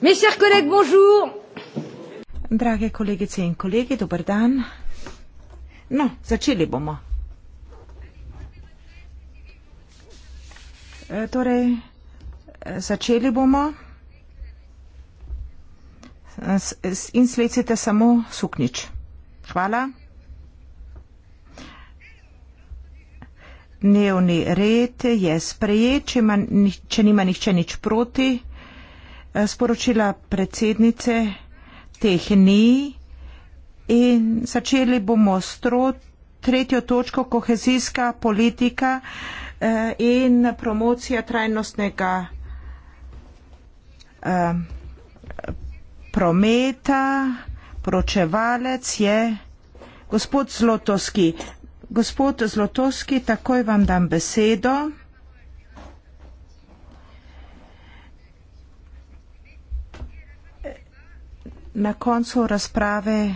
Mes chers collègues, bonjour. Drage kolegice in kolegi, dober dan. No, začeli bomo. E, torej, e, začeli bomo e, s, s, in slecite samo suknič. Hvala. Dnevni red je sprejet, če, man, če nima nihče nič proti. Eh, sporočila predsednice teh ni in začeli bomo s tretjo točko kohezijska politika eh, in promocija trajnostnega eh, prometa. Pročevalec je gospod Zlotovski. Gospod Zlotovski, takoj vam dam besedo. na koncu razprave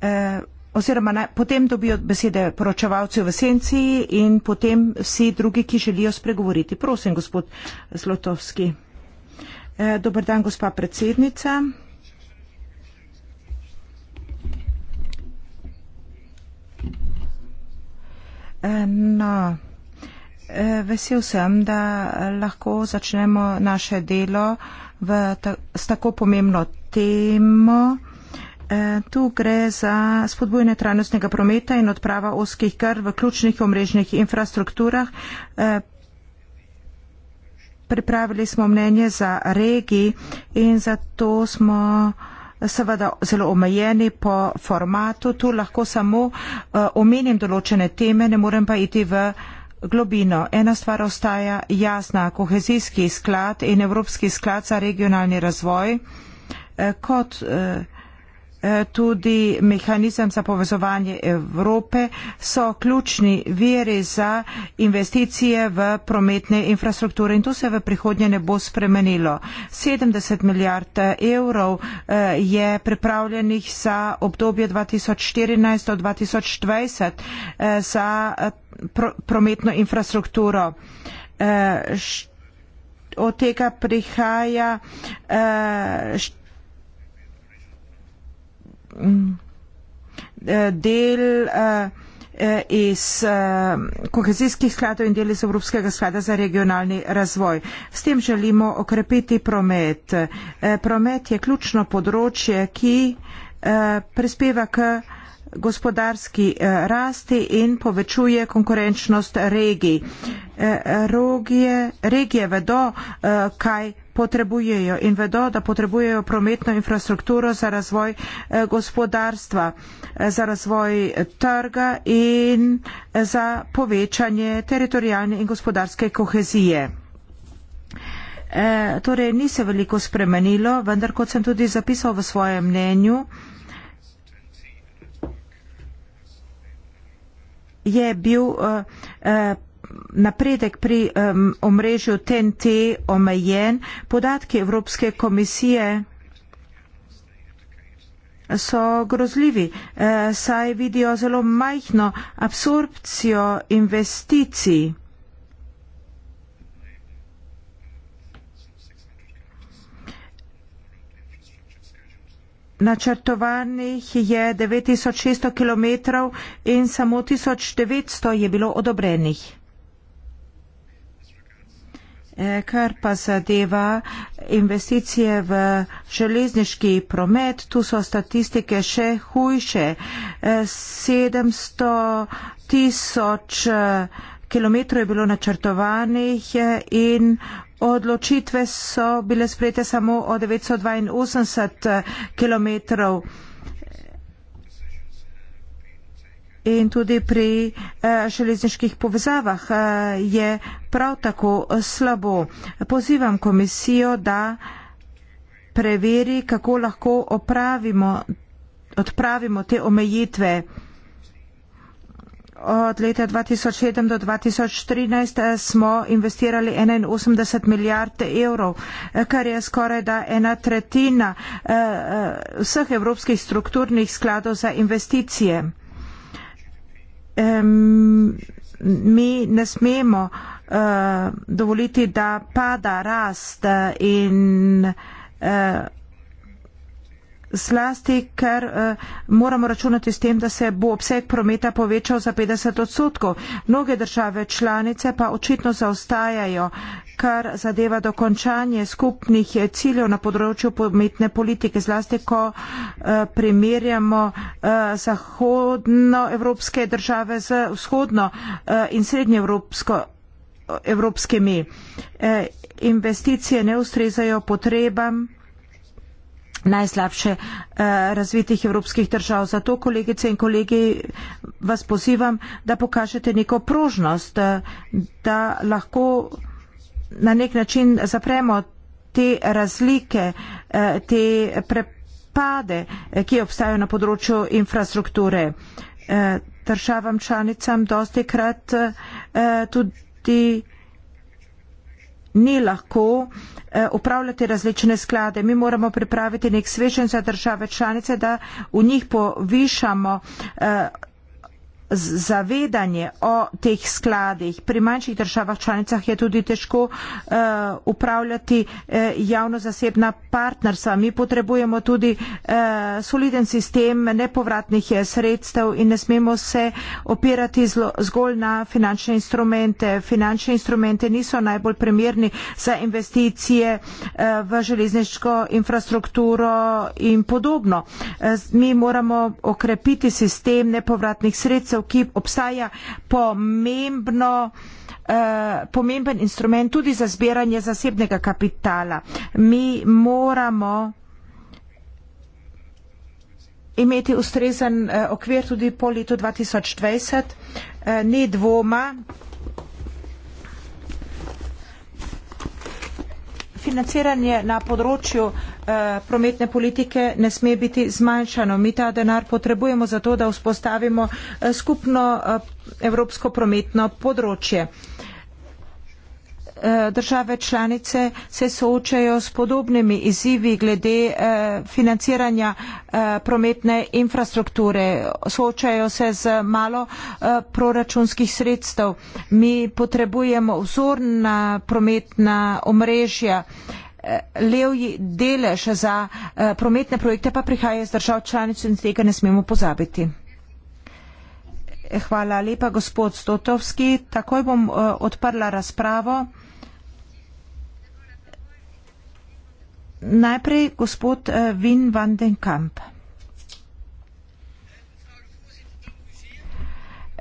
eh, oziroma na, potem dobijo besede poročevalci v senci in potem vsi drugi, ki želijo spregovoriti. Prosim, gospod Zlotovski. Eh, dober dan, gospa predsednica. Eh, no, eh, vesel sem, da lahko začnemo naše delo v ta, s tako pomembno temo. E, tu gre za spodbujanje trajnostnega prometa in odprava oskih kar v ključnih omrežnih infrastrukturah. E, pripravili smo mnenje za regiji in zato smo seveda zelo omejeni po formatu. Tu lahko samo e, omenim določene teme, ne morem pa iti v globino. Ena stvar ostaja jasna, kohezijski sklad in Evropski sklad za regionalni razvoj eh, kot eh, Eh, tudi mehanizem za povezovanje Evrope so ključni viri za investicije v prometne infrastrukture in to se v prihodnje ne bo spremenilo. 70 milijard eh, evrov eh, je pripravljenih za obdobje 2014-2020 za prometno infrastrukturo. Od tega prihaja Mm. Eh, del eh, eh, iz kohezijskih skladov in del iz Evropskega sklada za regionalni razvoj. S tem želimo okrepiti promet. Promet je ključno področje, ki prispeva k gospodarski rasti in povečuje konkurenčnost regij. Regije, regije vedo, kaj potrebujejo in vedo, da potrebujejo prometno infrastrukturo za razvoj eh, gospodarstva, eh, za razvoj eh, trga in za povečanje teritorijalne in gospodarske kohezije. E, torej, ni se veliko spremenilo, vendar kot sem tudi zapisal v svojem mnenju, je bil uh, uh, napredek pri um, omrežju TNT omejen. Podatki Evropske komisije so grozljivi, uh, saj vidijo zelo majhno absorpcijo investicij. Načrtovanih je 9600 km in samo 1900 je bilo odobrenih. Eh, kar pa zadeva investicije v železniški promet, tu so statistike še hujše. 700 eh, tisoč eh, kilometrov je bilo načrtovanih in odločitve so bile sprejete samo o 982 kilometrov. in tudi pri eh, železniških povezavah eh, je prav tako slabo. Pozivam komisijo, da preveri, kako lahko opravimo, odpravimo te omejitve. Od leta 2007 do 2013 eh, smo investirali 81 milijard evrov, kar je skoraj da ena tretjina vseh evropskih strukturnih skladov za investicije um, mi ne smemo uh, dovoliti, da pada rast eh, in uh, zlasti, ker eh, moramo računati s tem, da se bo obseg prometa povečal za 50 odstotkov. Mnoge države članice pa očitno zaostajajo, kar zadeva dokončanje skupnih ciljev na področju prometne politike, zlasti, ko eh, primerjamo eh, zahodnoevropske države z vzhodno in srednjeevropsko evropskimi. Investicije ne ustrezajo potrebam najslabše eh, razvitih evropskih držav. Zato, kolegice in kolegi, vas pozivam, da pokažete neko prožnost, eh, da lahko na nek način zapremo te razlike, eh, te prepade, ki obstajajo na področju infrastrukture. Državam članicam dosti krat tudi ni lahko eh, upravljati različne sklade. Mi moramo pripraviti nek svežen za države članice, da v njih povišamo eh, zavedanje o teh skladih pri manjših državah članicah je tudi težko uh, upravljati uh, javno-zasebna partnerstva. Mi potrebujemo tudi uh, soliden sistem nepovratnih sredstev in ne smemo se opirati zlo, zgolj na finančne instrumente. Finančne instrumente niso najbolj primerni za investicije uh, v železniško infrastrukturo in podobno. Uh, mi moramo okrepiti sistem nepovratnih sredstev, rešitev, ki obstaja pomembno, uh, pomemben instrument tudi za zbiranje zasebnega kapitala. Mi moramo imeti ustrezen uh, okvir tudi po letu 2020. Uh, ni dvoma, financiranje na področju eh, prometne politike ne sme biti zmanjšano. Mi ta denar potrebujemo za to, da vzpostavimo eh, skupno eh, evropsko prometno področje. Eh, Eh, države članice se soočajo s podobnimi izzivi glede eh, financiranja eh, prometne infrastrukture. Soočajo se z malo proračunskih sredstev. Mi potrebujemo vzorna prometna omrežja. Levji delež za prometne projekte pa prihaja iz držav članic in tega ne smemo pozabiti. Hvala lepa, gospod Stotovski. Takoj bom odprla razpravo. Najprej gospod Vin eh, van den Kamp.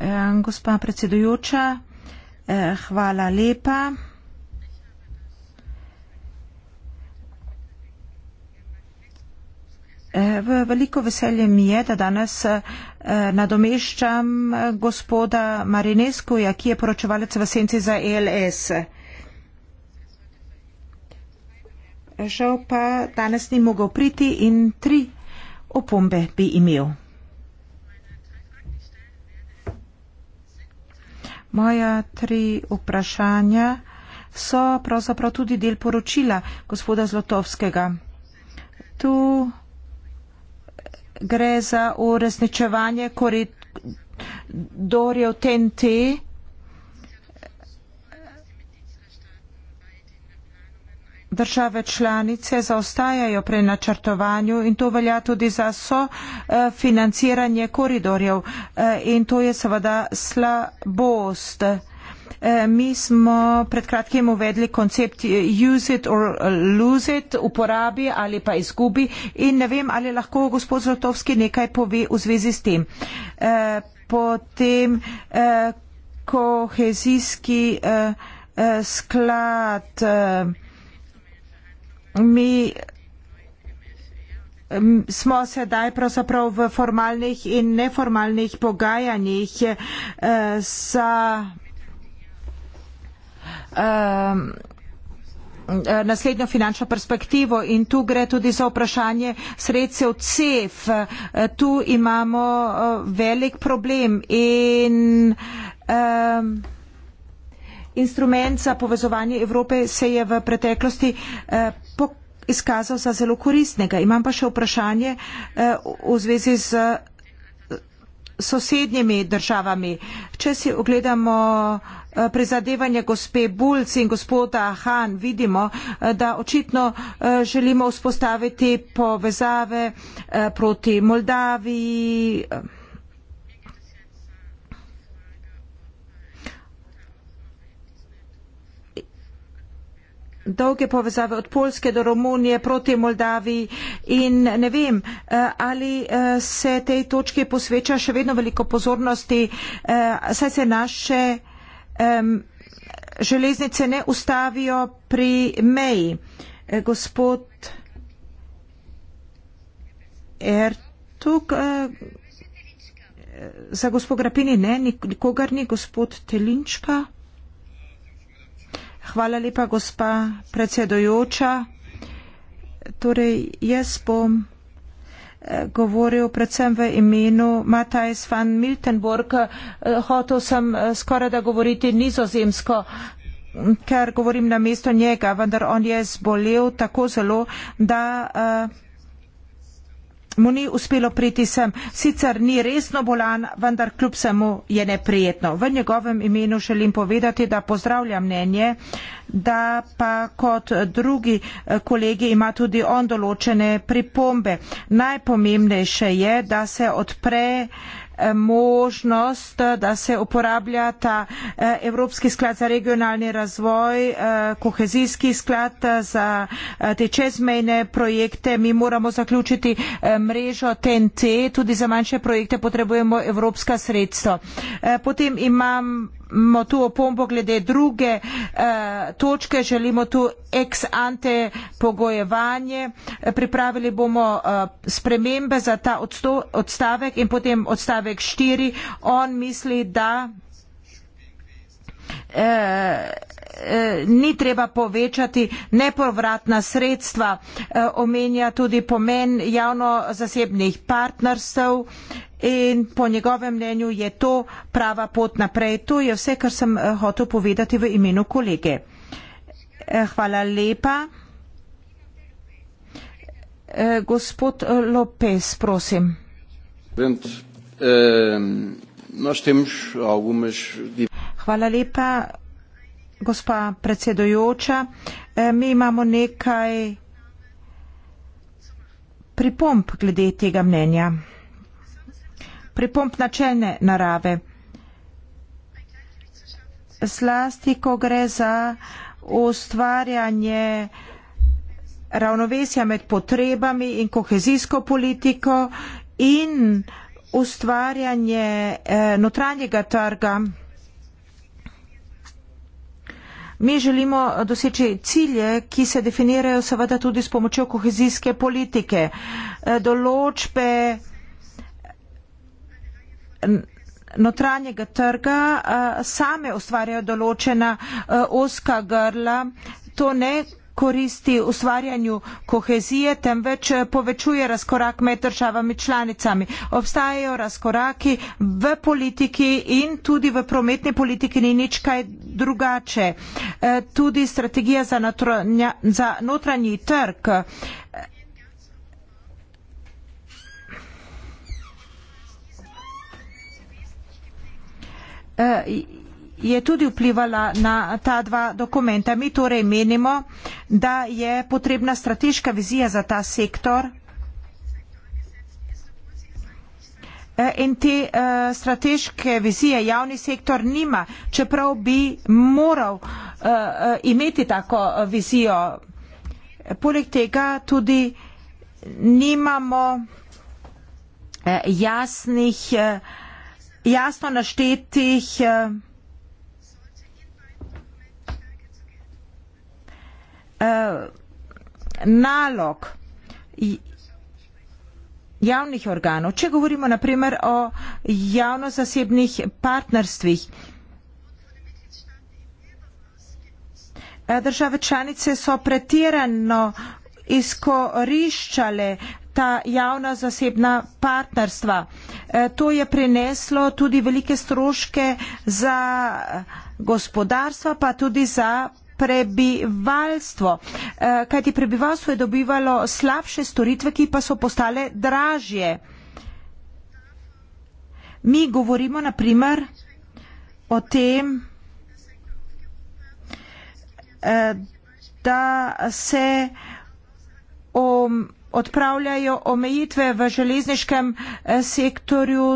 Eh, gospa predsedujoča, eh, hvala lepa. V veliko veselje mi je, da danes nadomeščam gospoda Marineskuja, ki je poročevalec v senci za ELS. žal pa danes ni mogel priti in tri opombe bi imel. Moja tri vprašanja so pravzaprav tudi del poročila gospoda Zlotovskega. Tu gre za uresničevanje koridorjev TNT. države članice zaostajajo pri načrtovanju in to velja tudi za sofinanciranje koridorjev eh, in to je seveda slabost. Eh, mi smo pred kratkim uvedli koncept eh, use it or lose it, uporabi ali pa izgubi in ne vem, ali lahko gospod Zlotovski nekaj pove v zvezi s tem. Potem kohezijski sklad. Mi smo sedaj pravzaprav v formalnih in neformalnih pogajanjih s eh, eh, naslednjo finančno perspektivo in tu gre tudi za vprašanje sredstev CEF. Eh, tu imamo velik problem in um, instrument za povezovanje Evrope se je v preteklosti eh, izkazal za zelo koristnega. Imam pa še vprašanje eh, v zvezi z eh, sosednjimi državami. Če si ogledamo prizadevanje gospe Bulc in gospoda Han, vidimo, da očitno želimo vzpostaviti povezave proti Moldaviji dolge povezave od Polske do Romunije proti Moldaviji in ne vem, eh, ali eh, se tej točki posveča še vedno veliko pozornosti, eh, saj se naše železnice ne ustavijo pri meji. Gospod Ertug, za gospod Grapini ne, nikogar ni, gospod Telinčka. Hvala lepa, gospa predsedojoča. Torej, jaz bom eh, govoril predvsem v imenu Matajs van Miltenburg. Eh, hotel sem eh, skoraj da govoriti nizozemsko, ker govorim na mesto njega, vendar on je zbolel tako zelo, da uh, mu ni uspelo priti sem. Sicer ni resno bolan, vendar kljub samo je neprijetno. V njegovem imenu želim povedati, da pozdravljam mnenje, da pa kot drugi eh, kolegi ima tudi on določene pripombe. Najpomembnejše je, da se odpre možnost, da se uporablja ta eh, Evropski sklad za regionalni razvoj, eh, kohezijski sklad eh, za te čezmejne projekte. Mi moramo zaključiti mrežo TNT, tudi za manjše projekte potrebujemo evropska sredstva. Potem imam imamo tu opombo glede druge eh, točke, želimo tu ex ante pogojevanje, pripravili bomo eh, spremembe za ta odsto, odstavek in potem odstavek štiri. On misli, da e, ni treba povečati nepovratna sredstva. E, omenja tudi pomen javno-zasebnih partnerstv in po njegovem mnenju je to prava pot naprej. To je vse, kar sem hotel povedati v imenu kolege. E, hvala lepa. E, gospod Lopez, prosim. Bent, eh, Nós temos algumas. Hvala lepa, gospa predsedojoča. E, eh, mi imamo nekaj pripomp glede tega mnenja. Pripomp načelne narave. Zlasti, ko gre za ustvarjanje ravnovesja med potrebami in kohezijsko politiko in ustvarjanje eh, notranjega trga. Mi želimo doseči cilje, ki se definirajo seveda tudi s pomočjo kohezijske politike. Eh, določbe notranjega trga eh, same ustvarjajo določena eh, oska grla. To ne koristi ustvarjanju kohezije, temveč povečuje razkorak med državami članicami. Obstajajo razkoraki v politiki in tudi v prometni politiki ni nič kaj drugače. E, tudi strategija za, notranja, za notranji trg. Uh, je tudi vplivala na ta dva dokumenta. Mi torej menimo, da je potrebna strateška vizija za ta sektor. E, in te uh, strateške vizije javni sektor nima, čeprav bi moral uh, uh, imeti tako vizijo. Poleg tega tudi nimamo uh, jasnih, uh, jasno naštetih. Uh, Eh, nalog javnih organov, če govorimo naprimer o javno-zasebnih partnerstvih. Eh, države članice so pretirano izkoriščale ta javno-zasebna partnerstva. Eh, to je prineslo tudi velike stroške za gospodarstva, pa tudi za prebivalstvo. Eh, kajti prebivalstvo je dobivalo slabše storitve, ki pa so postale dražje. Mi govorimo naprimer o tem, eh, da se odpravljajo omejitve v železniškem eh, sektorju,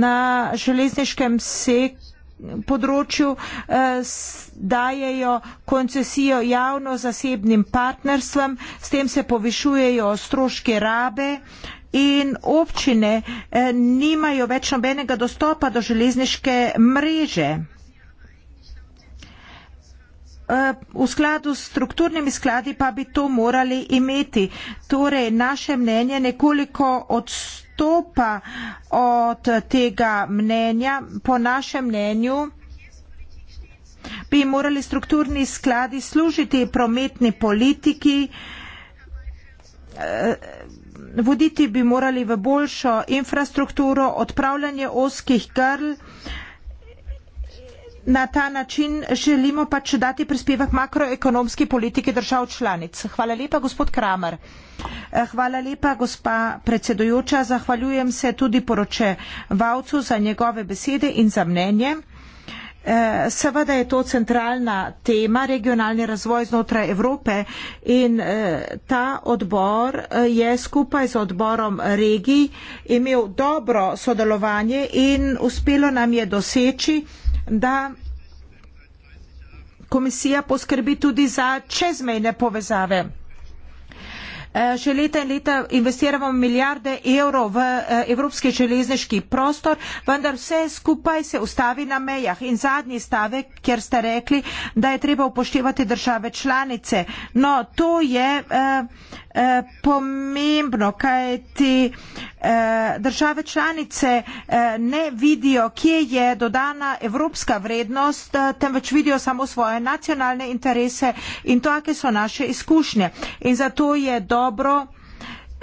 na železniškem sektorju področju eh, dajejo koncesijo javno-zasebnim partnerstvom, s tem se povišujejo stroške rabe in občine eh, nimajo več nobenega dostopa do železniške mreže. Eh, v skladu s strukturnimi skladi pa bi to morali imeti. Torej, naše mnenje nekoliko odstopa odstopa od tega mnenja, po našem mnenju, bi morali strukturni skladi služiti prometni politiki, eh, voditi bi morali v boljšo infrastrukturo, odpravljanje oskih grl, na ta način želimo pač dati prispevek makroekonomski politiki držav članic. Hvala lepa, gospod Kramer. Eh, hvala lepa, gospa predsedujoča. Zahvaljujem se tudi poročevalcu za njegove besede in za mnenje. Eh, seveda je to centralna tema, regionalni razvoj znotraj Evrope in eh, ta odbor je skupaj z odborom regij imel dobro sodelovanje in uspelo nam je doseči, da komisija poskrbi tudi za čezmejne povezave. E, že leta in leta investiramo milijarde evrov v e, evropski železniški prostor, vendar vse skupaj se ustavi na mejah. In zadnji stavek, kjer ste rekli, da je treba upoštevati države članice. No, to je. Eh, pomembno, kaj ti eh, države članice eh, ne vidijo, kje je dodana evropska vrednost, eh, temveč vidijo samo svoje nacionalne interese in to, kakšne so naše izkušnje. In zato je dobro,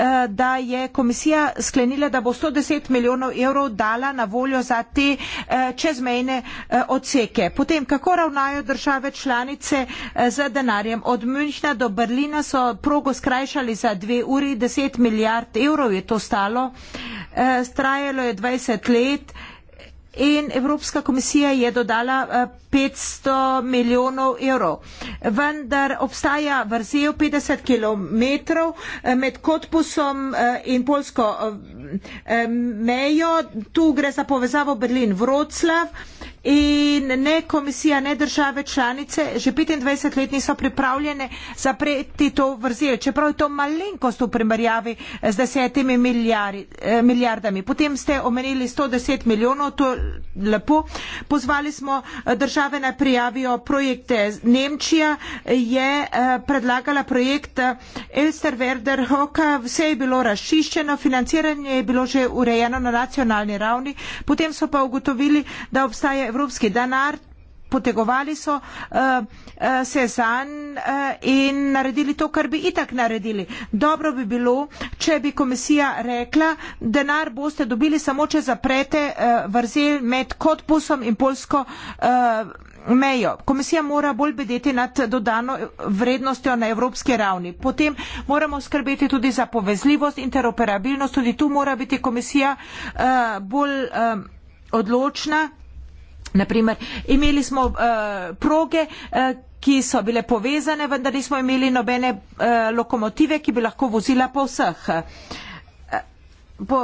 Eh, da je komisija sklenila, da bo 110 milijonov evrov dala na voljo za te eh, čezmejne eh, odseke. Potem, kako ravnajo države članice z denarjem? Od Münchna do Berlina so progo skrajšali za dve uri, 10 milijard evrov je to stalo. Strajalo je 20 let in Evropska komisija je dodala 500 eh, milijonov evrov. Vendar obstaja vrzel 50 km eh, med Kotpusom eh, in Polsko mejo. Tu gre za povezavo Berlin-Vroclav, in ne komisija, ne države članice, že 25 let niso pripravljene zapreti to vrzel, čeprav je to malenkost v primerjavi z desetimi eh, milijardami. Potem ste omenili 110 milijonov, to je lepo. Pozvali smo eh, države naj prijavijo projekte. Nemčija eh, je predlagala projekt Elster Werder Hoka, vse je bilo razčiščeno, financiranje je bilo že urejeno na nacionalni ravni, potem so pa ugotovili, da obstaja evropski denar, potegovali so se eh, eh, zanj eh, in naredili to, kar bi itak naredili. Dobro bi bilo, če bi komisija rekla, denar boste dobili samo, če zaprete vrzel med Kotpusom in Polsko mejo. Komisija mora bolj bedeti nad dodano vrednostjo na evropski ravni. Potem moramo skrbeti tudi za povezljivost, interoperabilnost. Tudi tu mora biti komisija bolj odločna, Naprimer, imeli smo uh, proge, uh, ki so bile povezane, vendar nismo imeli nobene uh, lokomotive, ki bi lahko vozila po vseh. Uh, po,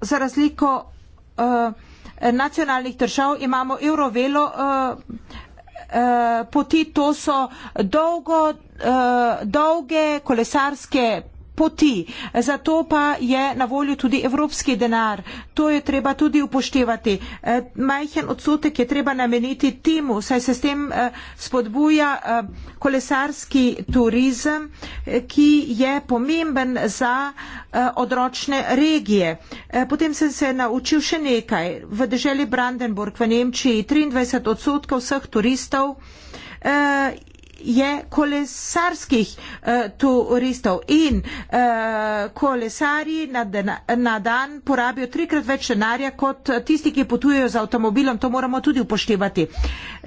za razliko uh, nacionalnih držav imamo Eurovelo. Uh, Poti to so dolgo, dolge kolesarske poti. Zato pa je na volju tudi evropski denar. To je treba tudi upoštevati. Eh, majhen odsotek je treba nameniti timu, saj se s tem eh, spodbuja eh, kolesarski turizem, ki je pomemben za odročne regije. Potem sem se naučil še nekaj. V državi Brandenburg v Nemčiji 23 odsotkov vseh turistov je kolesarskih uh, turistov in uh, kolesarji na, dena, na dan porabijo trikrat več denarja kot tisti, ki potujejo z avtomobilom. To moramo tudi upoštevati.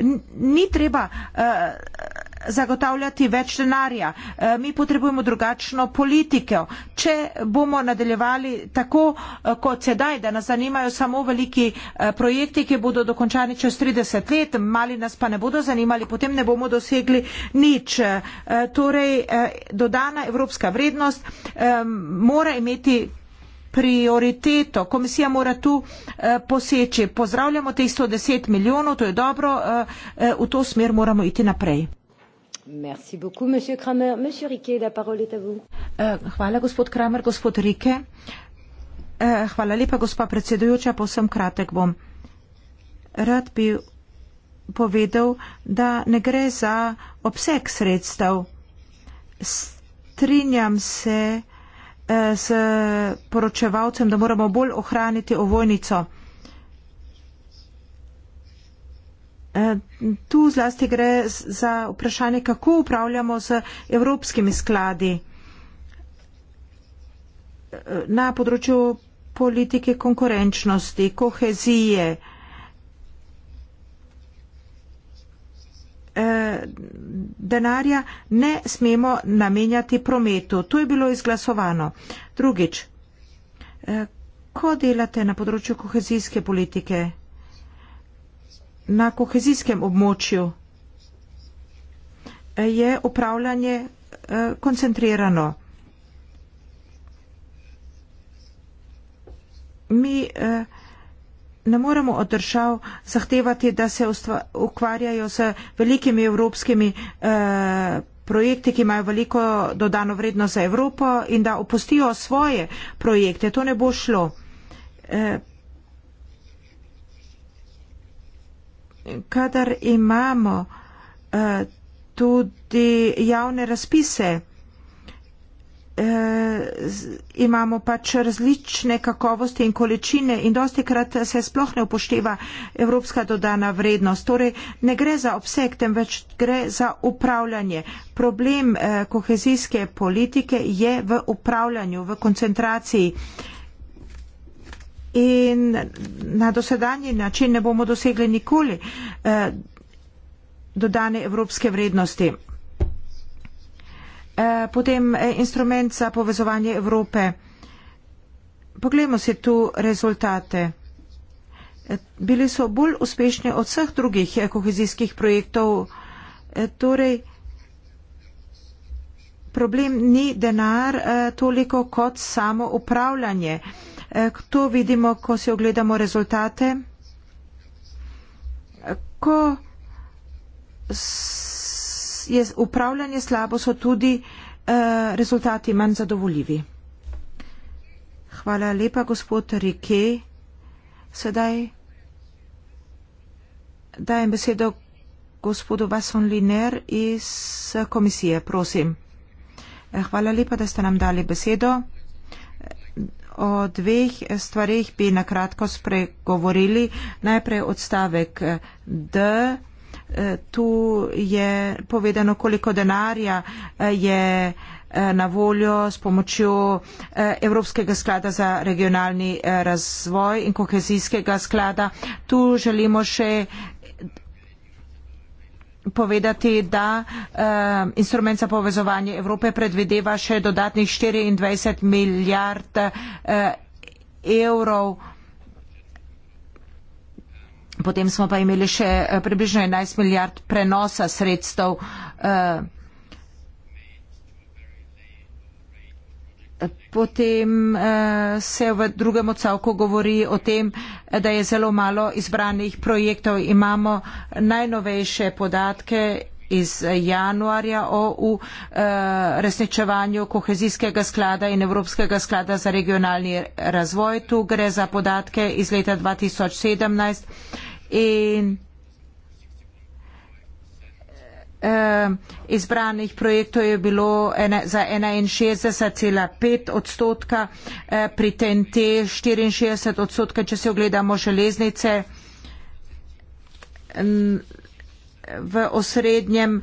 N ni treba. Uh, zagotavljati več denarja. E, mi potrebujemo drugačno politiko. Če bomo nadaljevali tako e, kot sedaj, da nas zanimajo samo veliki e, projekti, ki bodo dokončani čez 30 let, mali nas pa ne bodo zanimali, potem ne bomo dosegli nič. Torej, dodana evropska vrednost mora imeti prioriteto. Komisija mora tu eh, poseči. Pozdravljamo teh 110 milijonov, to je dobro, eh, eh, v to smer moramo iti naprej. Merci beaucoup, monsieur Kramer. Monsieur Riquet, la parole est à vous. Uh, hvala, gospod Kramer, gospod Rike. Uh, eh, hvala lepa, gospa predsedujoča, posem kratek bom. Rad bi povedal, da ne gre za obseg sredstev. Strinjam se uh, s poročevalcem, da moramo bolj ohraniti ovojnico. Eh, tu zlasti gre za vprašanje, kako upravljamo z evropskimi skladi eh, na področju politike konkurenčnosti, kohezije. Eh, denarja ne smemo namenjati prometu. To je bilo izglasovano. Drugič, ko delate na področju kohezijske politike? na kohezijskem območju eh, je upravljanje eh, koncentrirano. Mi eh, ne moremo od držav zahtevati, da se ukvarjajo z velikimi evropskimi projekti, ki imajo veliko dodano vrednost za Evropo in da opustijo svoje projekte. To ne bo šlo. kadar imamo uh, tudi javne razpise, uh, imamo pač različne kakovosti in količine in dosti krat se sploh ne upošteva evropska dodana vrednost. Torej ne gre za obseg, temveč gre za upravljanje. Problem uh, kohezijske politike je v upravljanju, v koncentraciji. Uh, in na dosedanji način ne bomo dosegli nikoli eh, dodane evropske vrednosti. Eh, potem eh, instrument za povezovanje Evrope. Poglejmo si tu rezultate. Bili so bolj uspešni od vseh drugih kohezijskih projektov. Torej, problem ni denar toliko kot samo upravljanje. Eh, to vidimo, ko si ogledamo rezultate. Ko je upravljanje slabo, so tudi eh, rezultati manj zadovoljivi. Hvala lepa, gospod Rike. Sedaj dajem besedo gospodu Vason Liner iz eh, komisije. Prosim. Hvala lepa, da ste nam dali besedo o dveh stvarih bi na kratko spregovorili. Najprej odstavek D. Tu je povedano, koliko denarja eh, je eh, na voljo s pomočjo eh, Evropskega sklada za regionalni razvoj in kohezijskega sklada. Tu želimo še povedati, da uh, instrument za povezovanje Evrope predvideva še dodatnih 24 milijard uh, evrov. Potem smo pa imeli še eh, približno 11 milijard prenosa sredstev. Uh, Potem eh, se v drugem odstavku govori o tem, da je zelo malo izbranih projektov. Imamo najnovejše podatke iz januarja o uresničevanju eh, uh, kohezijskega sklada in Evropskega sklada za regionalni razvoj. Tu gre za podatke iz leta 2017 in Ehm, izbranih projektov je bilo za 61,5 odstotka, eh, pri TNT 64 odstotka, če se ogledamo železnice v osrednjem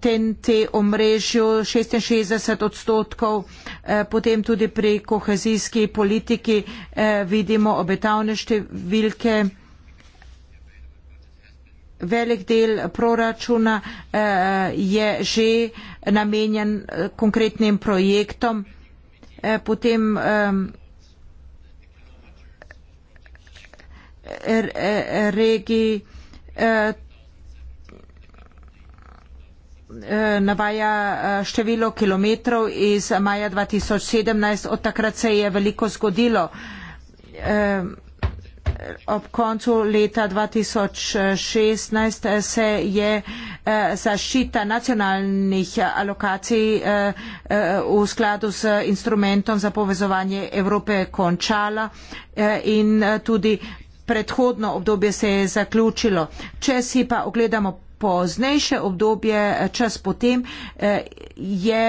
TNT eh, omrežju 66 odstotkov, eh, potem tudi pri kohezijski politiki vidimo obetavne številke velik del proračuna eh, je že namenjen eh, konkretnim projektom. Eh, potem ehm, regi navaja število kilometrov iz maja 2017. Od takrat se je veliko zgodilo. Ehm, ob koncu leta 2016 se je eh, zaščita nacionalnih eh, alokacij eh, v skladu z instrumentom za povezovanje Evrope končala in tudi predhodno obdobje se je zaključilo. Če si pa ogledamo poznejše obdobje, čas potem, je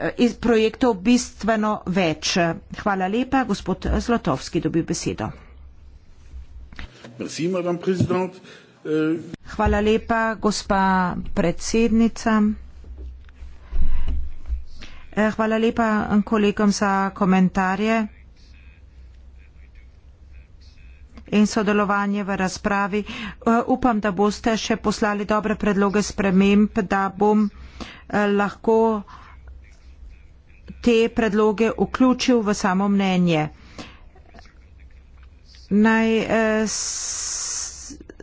Eh, iz projektov bistveno več. Hvala lepa, gospod Zlotovski dobil besedo. Merci, euh, Hvala lepa, gospa predsednica. Eh, hvala lepa kolegom za komentarje in sodelovanje v razpravi. Eh, upam, da boste še poslali dobre predloge sprememb, da bom lahko uh, te predloge vključil v samo mnenje. Naj eh,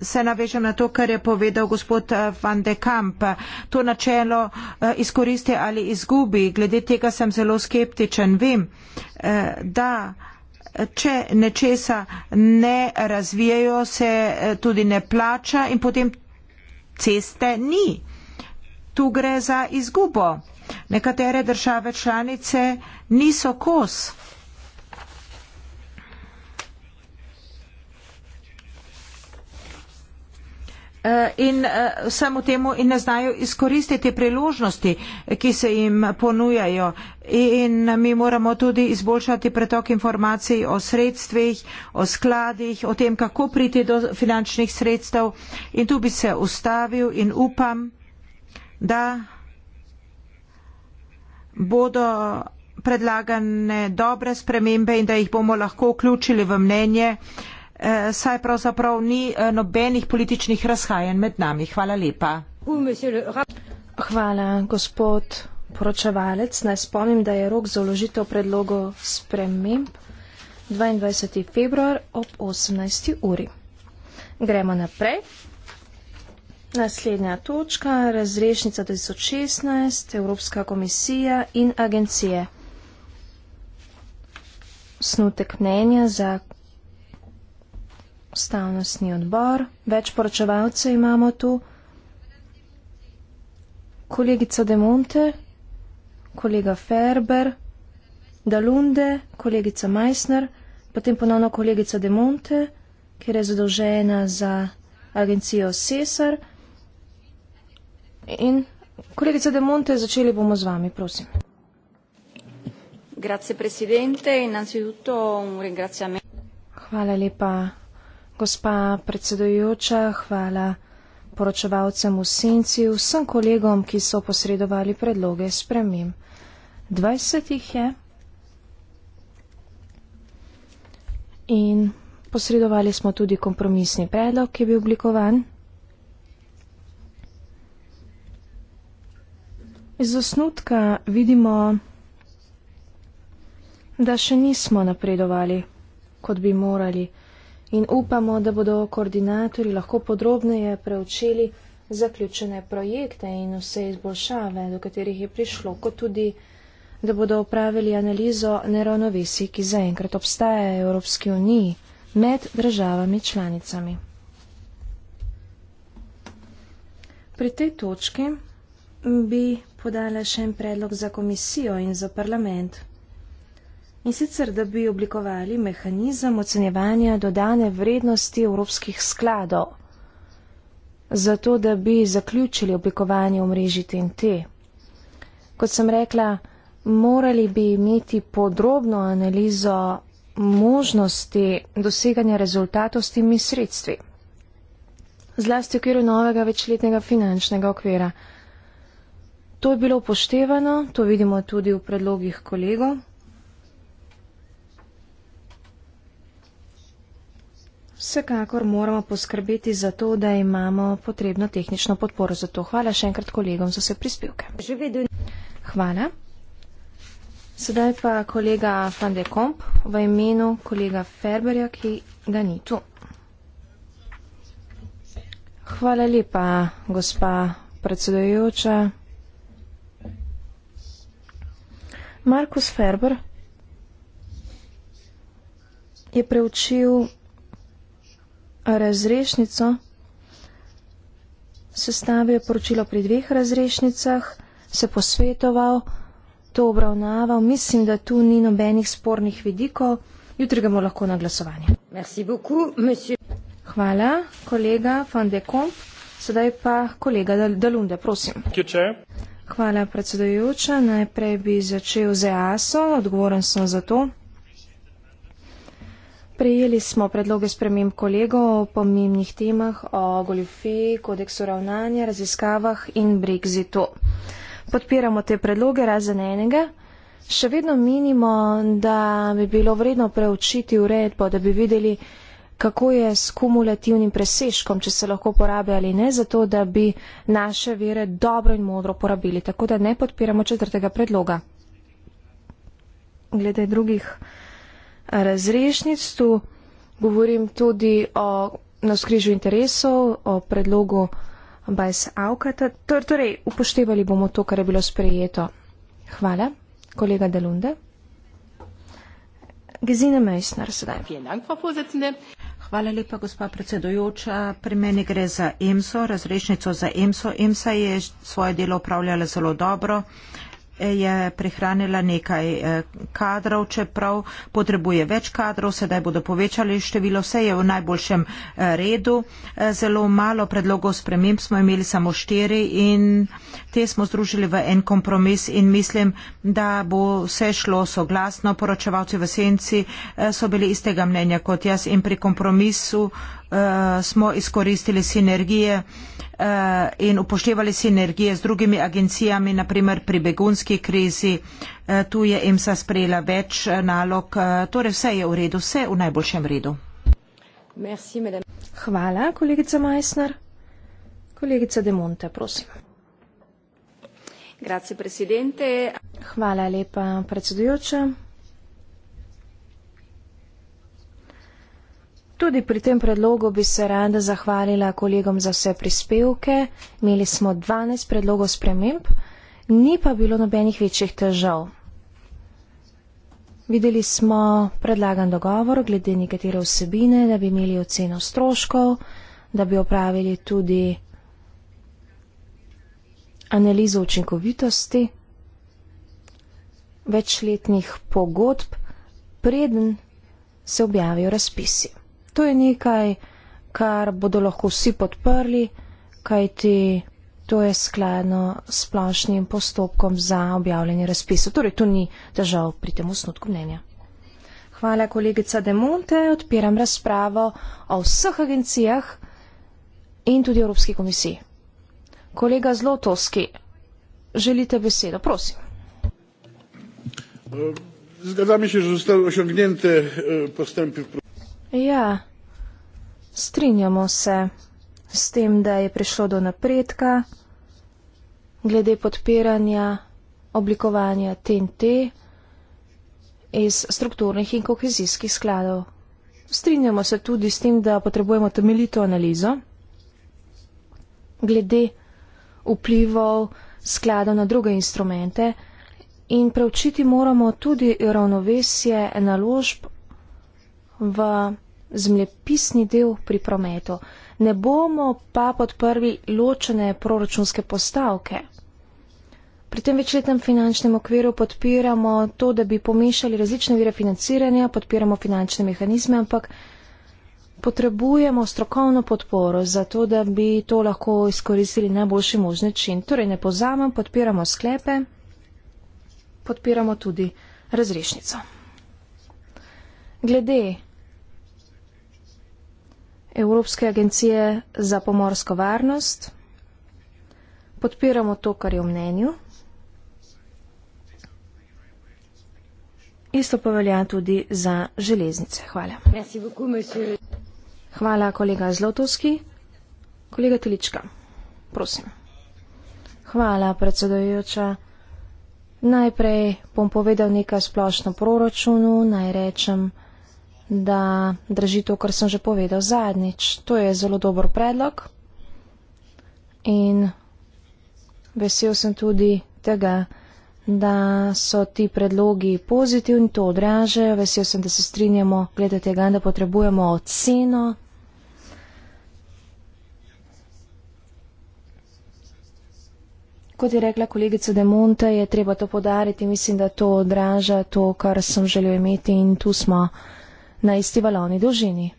se navežem na to, kar je povedal gospod eh, Van de Kamp. To načelo eh, izkoristi ali izgubi, glede tega sem zelo skeptičen. Vem, da če nečesa ne razvijajo, se tudi ne plača in potem ceste ni. Tu gre za izgubo. Nekatere države članice niso kos. E, in e, samo temu in ne znajo izkoristiti priložnosti, ki se jim ponujajo. In mi moramo tudi izboljšati pretok informacij o sredstvih, o skladih, o tem, kako priti do finančnih sredstev. In tu bi se ustavil in upam, da bodo predlagane dobre spremembe in da jih bomo lahko vključili v mnenje, eh, saj pravzaprav ni eh, nobenih političnih razhajanj med nami. Hvala lepa. Hvala, gospod poročevalec. Naj spomnim, da je rok za uložitev predlogo sprememb 22. februar ob 18. uri. Gremo naprej. Naslednja točka, razrešnica 2016, Evropska komisija in agencije. Snutek mnenja za ustavnostni odbor. Več poročevalcev imamo tu. Kolegica Demonte, kolega Ferber, Dalunde, kolegica Meissner, potem ponovno kolegica Demonte, ki je zadolžena za agencijo Cesar. In kolegica De Monte, začeli bomo z vami, prosim. Hvala lepa, gospa predsedojoča, hvala poročevalcem v senci, vsem kolegom, ki so posredovali predloge spremim. 20 jih je in posredovali smo tudi kompromisni predlog, ki je bil oblikovan. Iz osnutka vidimo, da še nismo napredovali, kot bi morali, in upamo, da bodo koordinatori lahko podrobneje preučili zaključene projekte in vse izboljšave, do katerih je prišlo, kot tudi, da bodo opravili analizo neravnovesij, ki zaenkrat obstajajo v Evropski uniji med državami članicami. Pri tej točki bi podala še en predlog za komisijo in za parlament. In sicer, da bi oblikovali mehanizem ocenjevanja dodane vrednosti evropskih skladov, zato da bi zaključili oblikovanje omrežji TNT. Kot sem rekla, morali bi imeti podrobno analizo možnosti doseganja rezultatov s temi sredstvi, zlasti v okviru novega večletnega finančnega okvira. To je bilo upoštevano, to vidimo tudi v predlogih kolegov. Vsekakor moramo poskrbeti za to, da imamo potrebno tehnično podporo. Zato hvala še enkrat kolegom za vse prispevke. Hvala. Sedaj pa kolega Van de Komp v imenu kolega Ferberja, ki ga ni tu. Hvala lepa, gospa predsedojoča. Markus Ferber je preučil razrešnico, sestavil poročilo pri dveh razrešnicah, se posvetoval, to obravnaval. Mislim, da tu ni nobenih spornih vidikov. Jutri ga bomo lahko na glasovanje. Hvala, kolega van de Komp. Sedaj pa kolega Dalunde, prosim. Kje če? Hvala, predsedajoča. Najprej bi začel z EASO, odgovoren sem za to. Prejeli smo predloge spremem kolegov o pomembnih temah, o goljufeji, kodeksu ravnanja, raziskavah in brexitu. Podpiramo te predloge razen enega. Še vedno menimo, da bi bilo vredno preučiti uredbo, da bi videli, kako je s kumulativnim presežkom, če se lahko porabi ali ne, zato da bi naše vere dobro in modro porabili. Tako da ne podpiramo četrtega predloga. Glede drugih eh, razrešnic, tu govorim tudi o naskrižju interesov, o predlogu Bajs Avkata. Torej, upoštevali bomo to, kar je bilo sprejeto. Hvala, kolega Delunde. Gesine Meissner sedaj. Vielen Dank, Frau Vorsitzende. Hvala lepa, gospa predsedujoča. Pri meni gre za EMSO, razrešnico za EMSO. EMSA je svoje delo upravljala zelo dobro. Uh, je prihranila nekaj eh, kadrov, čeprav potrebuje več kadrov, sedaj bodo povečali število, vse je v najboljšem eh, redu. Eh, zelo malo predlogov sprememb smo imeli, samo štiri in te smo združili v en kompromis in mislim, da bo vse šlo soglasno. Poročevalci v Senci so bili istega mnenja kot jaz in pri kompromisu Eh, smo izkoristili sinergije eh, in upoštevali sinergije z drugimi agencijami, naprimer pri begunski krizi. Eh, tu je EMSA sprejela več nalog. Torej vse je v redu, vse v najboljšem redu. Hvala, kolegica Majsner. Kolegica De Monte, prosim. Hvala lepa, predsedujoča. Tudi pri tem predlogu bi se rada zahvalila kolegom za vse prispevke. Imeli smo 12 predlogov sprememb, ni pa bilo nobenih večjih težav. Videli smo predlagan dogovor glede nekatere vsebine, da bi imeli oceno stroškov, da bi opravili tudi analizo učinkovitosti večletnih pogodb, preden se objavijo razpisi to je nekaj, kar bodo lahko vsi podprli, kajti to je skladno s splošnim postopkom za objavljanje razpisa. Torej, tu ni težav pri tem osnutku mnenja. Hvala, kolegica Demonte. Odpiram razpravo o vseh agencijah in tudi Evropski komisiji. Kolega Zlotovski, želite besedo? Prosim. Zgadam, mislim, da so osebnjente postempi. Ja, strinjamo se s tem, da je prišlo do napredka glede podpiranja oblikovanja TNT iz strukturnih in kohezijskih skladov. Strinjamo se tudi s tem, da potrebujemo temeljito analizo glede vplivov skladov na druge instrumente in preučiti moramo tudi ravnovesje naložb v zemljepisni del pri prometu. Ne bomo pa podprli ločene proračunske postavke. Pri tem večletnem finančnem okviru podpiramo to, da bi pomešali različne vire financiranja, podpiramo finančne mehanizme, ampak potrebujemo strokovno podporo za to, da bi to lahko izkoristili najboljši možni način. Torej ne pozamem, podpiramo sklepe, podpiramo tudi razrešnico. Glede Evropske agencije za pomorsko varnost. Podpiramo to, kar je v mnenju. Isto pa velja tudi za železnice. Hvala. Hvala, kolega Zlotovski. Kolega Telička, prosim. Hvala, predsedojoča. Najprej bom povedal nekaj splošno proračunu, naj rečem, da drži to, kar sem že povedal zadnjič. To je zelo dober predlog in vesel sem tudi tega, da so ti predlogi pozitivni, to odražajo. Vesel sem, da se strinjamo glede tega, da potrebujemo oceno. Kot je rekla kolegica Demonta, je treba to podariti. Mislim, da to odraža to, kar sem želel imeti in tu smo na isti valovni dolžini.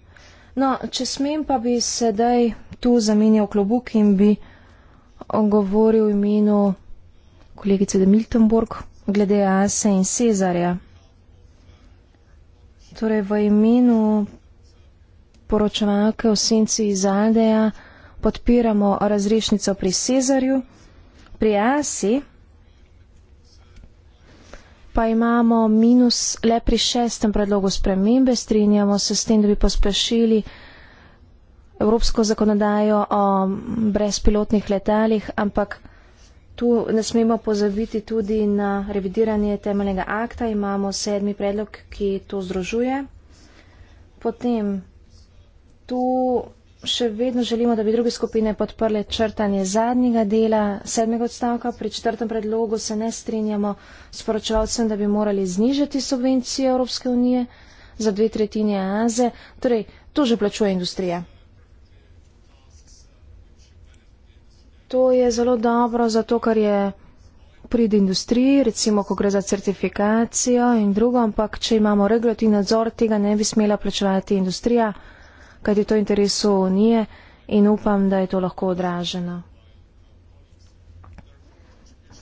No, če smem, pa bi sedaj tu zamenjal klobuk in bi govoril v imenu kolegice de Miltenburg glede Ase in Cezarja. Torej, v imenu poročevalke v senci iz Aldeja podpiramo razrešnico pri Cezarju, pri Asi pa imamo minus le pri šestem predlogu spremembe. Strinjamo se s tem, da bi pospešili evropsko zakonodajo o brezpilotnih letalih, ampak tu ne smemo pozabiti tudi na revidiranje temeljnega akta. Imamo sedmi predlog, ki to združuje. Potem tu še vedno želimo, da bi druge skupine podprle črtanje zadnjega dela sedmega odstavka. Pri četrtem predlogu se ne strinjamo s poročevalcem, da bi morali znižati subvencije Evropske unije za dve tretjine aze. Torej, to že plačuje industrija. To je zelo dobro, zato ker je prid industriji, recimo, ko gre za certifikacijo in drugo, ampak če imamo regulativni nadzor, tega ne bi smela plačevati industrija kajti to je interesu Unije in upam, da je to lahko odraženo.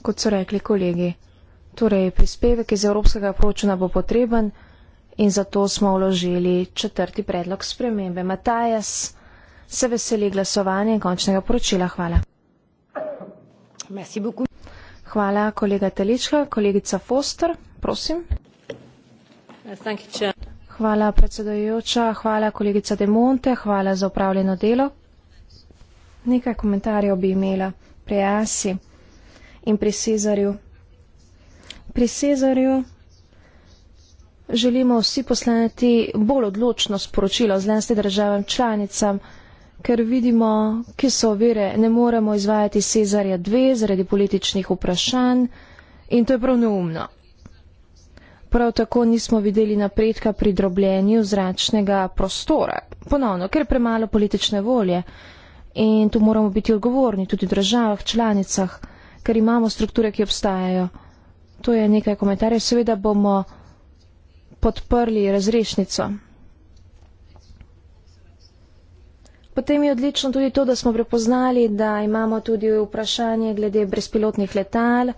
Kot so rekli kolegi, torej prispevek iz evropskega proračuna bo potreben in zato smo vložili četrti predlog spremembe. Matajas se veseli glasovanja in končnega poročila. Hvala. Hvala, kolega Telička. Kolegica Foster, prosim. Thank you, Hvala predsedojoča, hvala kolegica De Monte, hvala za upravljeno delo. Nekaj komentarjev bi imela pri Asi in pri Cezarju. Pri Cezarju želimo vsi poslaniti bolj odločno sporočilo zlenste državam članicam, ker vidimo, ki so vire, ne moremo izvajati Cezarja dve zaradi političnih vprašanj in to je prav neumno. Prav tako nismo videli napredka pri drobljenju zračnega prostora. Ponovno, ker je premalo politične volje. In tu moramo biti odgovorni tudi v državah, članicah, ker imamo strukture, ki obstajajo. To je nekaj komentarjev. Seveda bomo podprli razrešnico. Potem je odlično tudi to, da smo prepoznali, da imamo tudi vprašanje glede brezpilotnih letal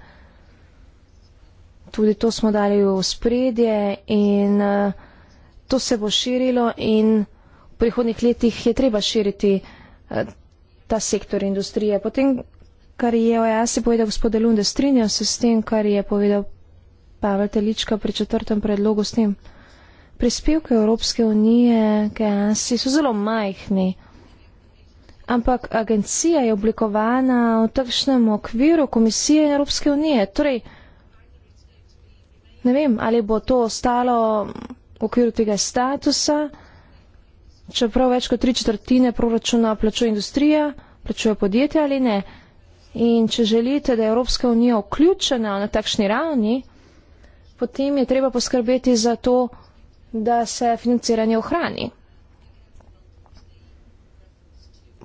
tudi to smo dali v spredje in eh, to se bo širilo in v prihodnih letih je treba širiti eh, ta sektor industrije. Potem, kar je OAS ja, povedal gospod Delun, da strinjam se s tem, kar je povedal Pavel Telička pri četrtem predlogu s tem. Prispevke Evropske unije, KS, so zelo majhni, ampak agencija je oblikovana v takšnem okviru komisije Evropske unije. Torej, ne vem, ali bo to ostalo v okviru tega statusa, čeprav več kot tri četrtine proračuna plačuje industrija, plačuje podjetja ali ne. In če želite, da je Evropska unija vključena na takšni ravni, potem je treba poskrbeti za to, da se financiranje ohrani.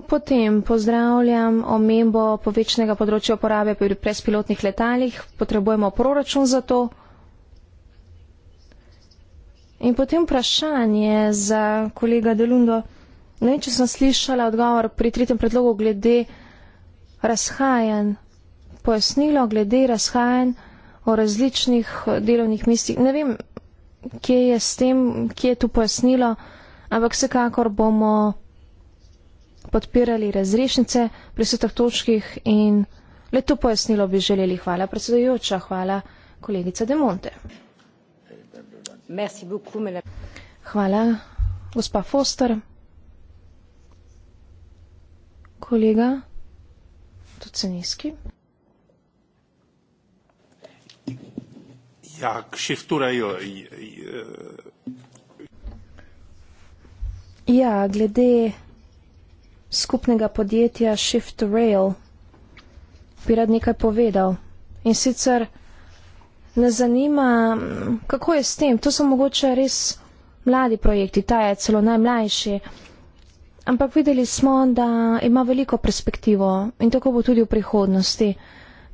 Potem pozdravljam omembo povečnega področja uporabe pri prespilotnih letalih. Potrebujemo proračun za to. In potem vprašanje za kolega Delundo. Ne vem, če sem slišala odgovor pri tretjem predlogu glede razhajanj, pojasnilo glede razhajanj o različnih delovnih mestih. Ne vem, kje je s tem, kje je tu pojasnilo, ampak vsekakor bomo podpirali razrešnice pri vseh točkih in le to pojasnilo bi želeli. Hvala predsedujoča, hvala kolegica Demonte. Hvala. Gospa Foster. Kolega. Tudi se nizki. Ja, k šifturajo. Ja, glede skupnega podjetja Shift Rail bi rad nekaj povedal. In sicer Me zanima, kako je s tem. To so mogoče res mladi projekti, ta je celo najmlajši. Ampak videli smo, da ima veliko perspektivo in tako bo tudi v prihodnosti.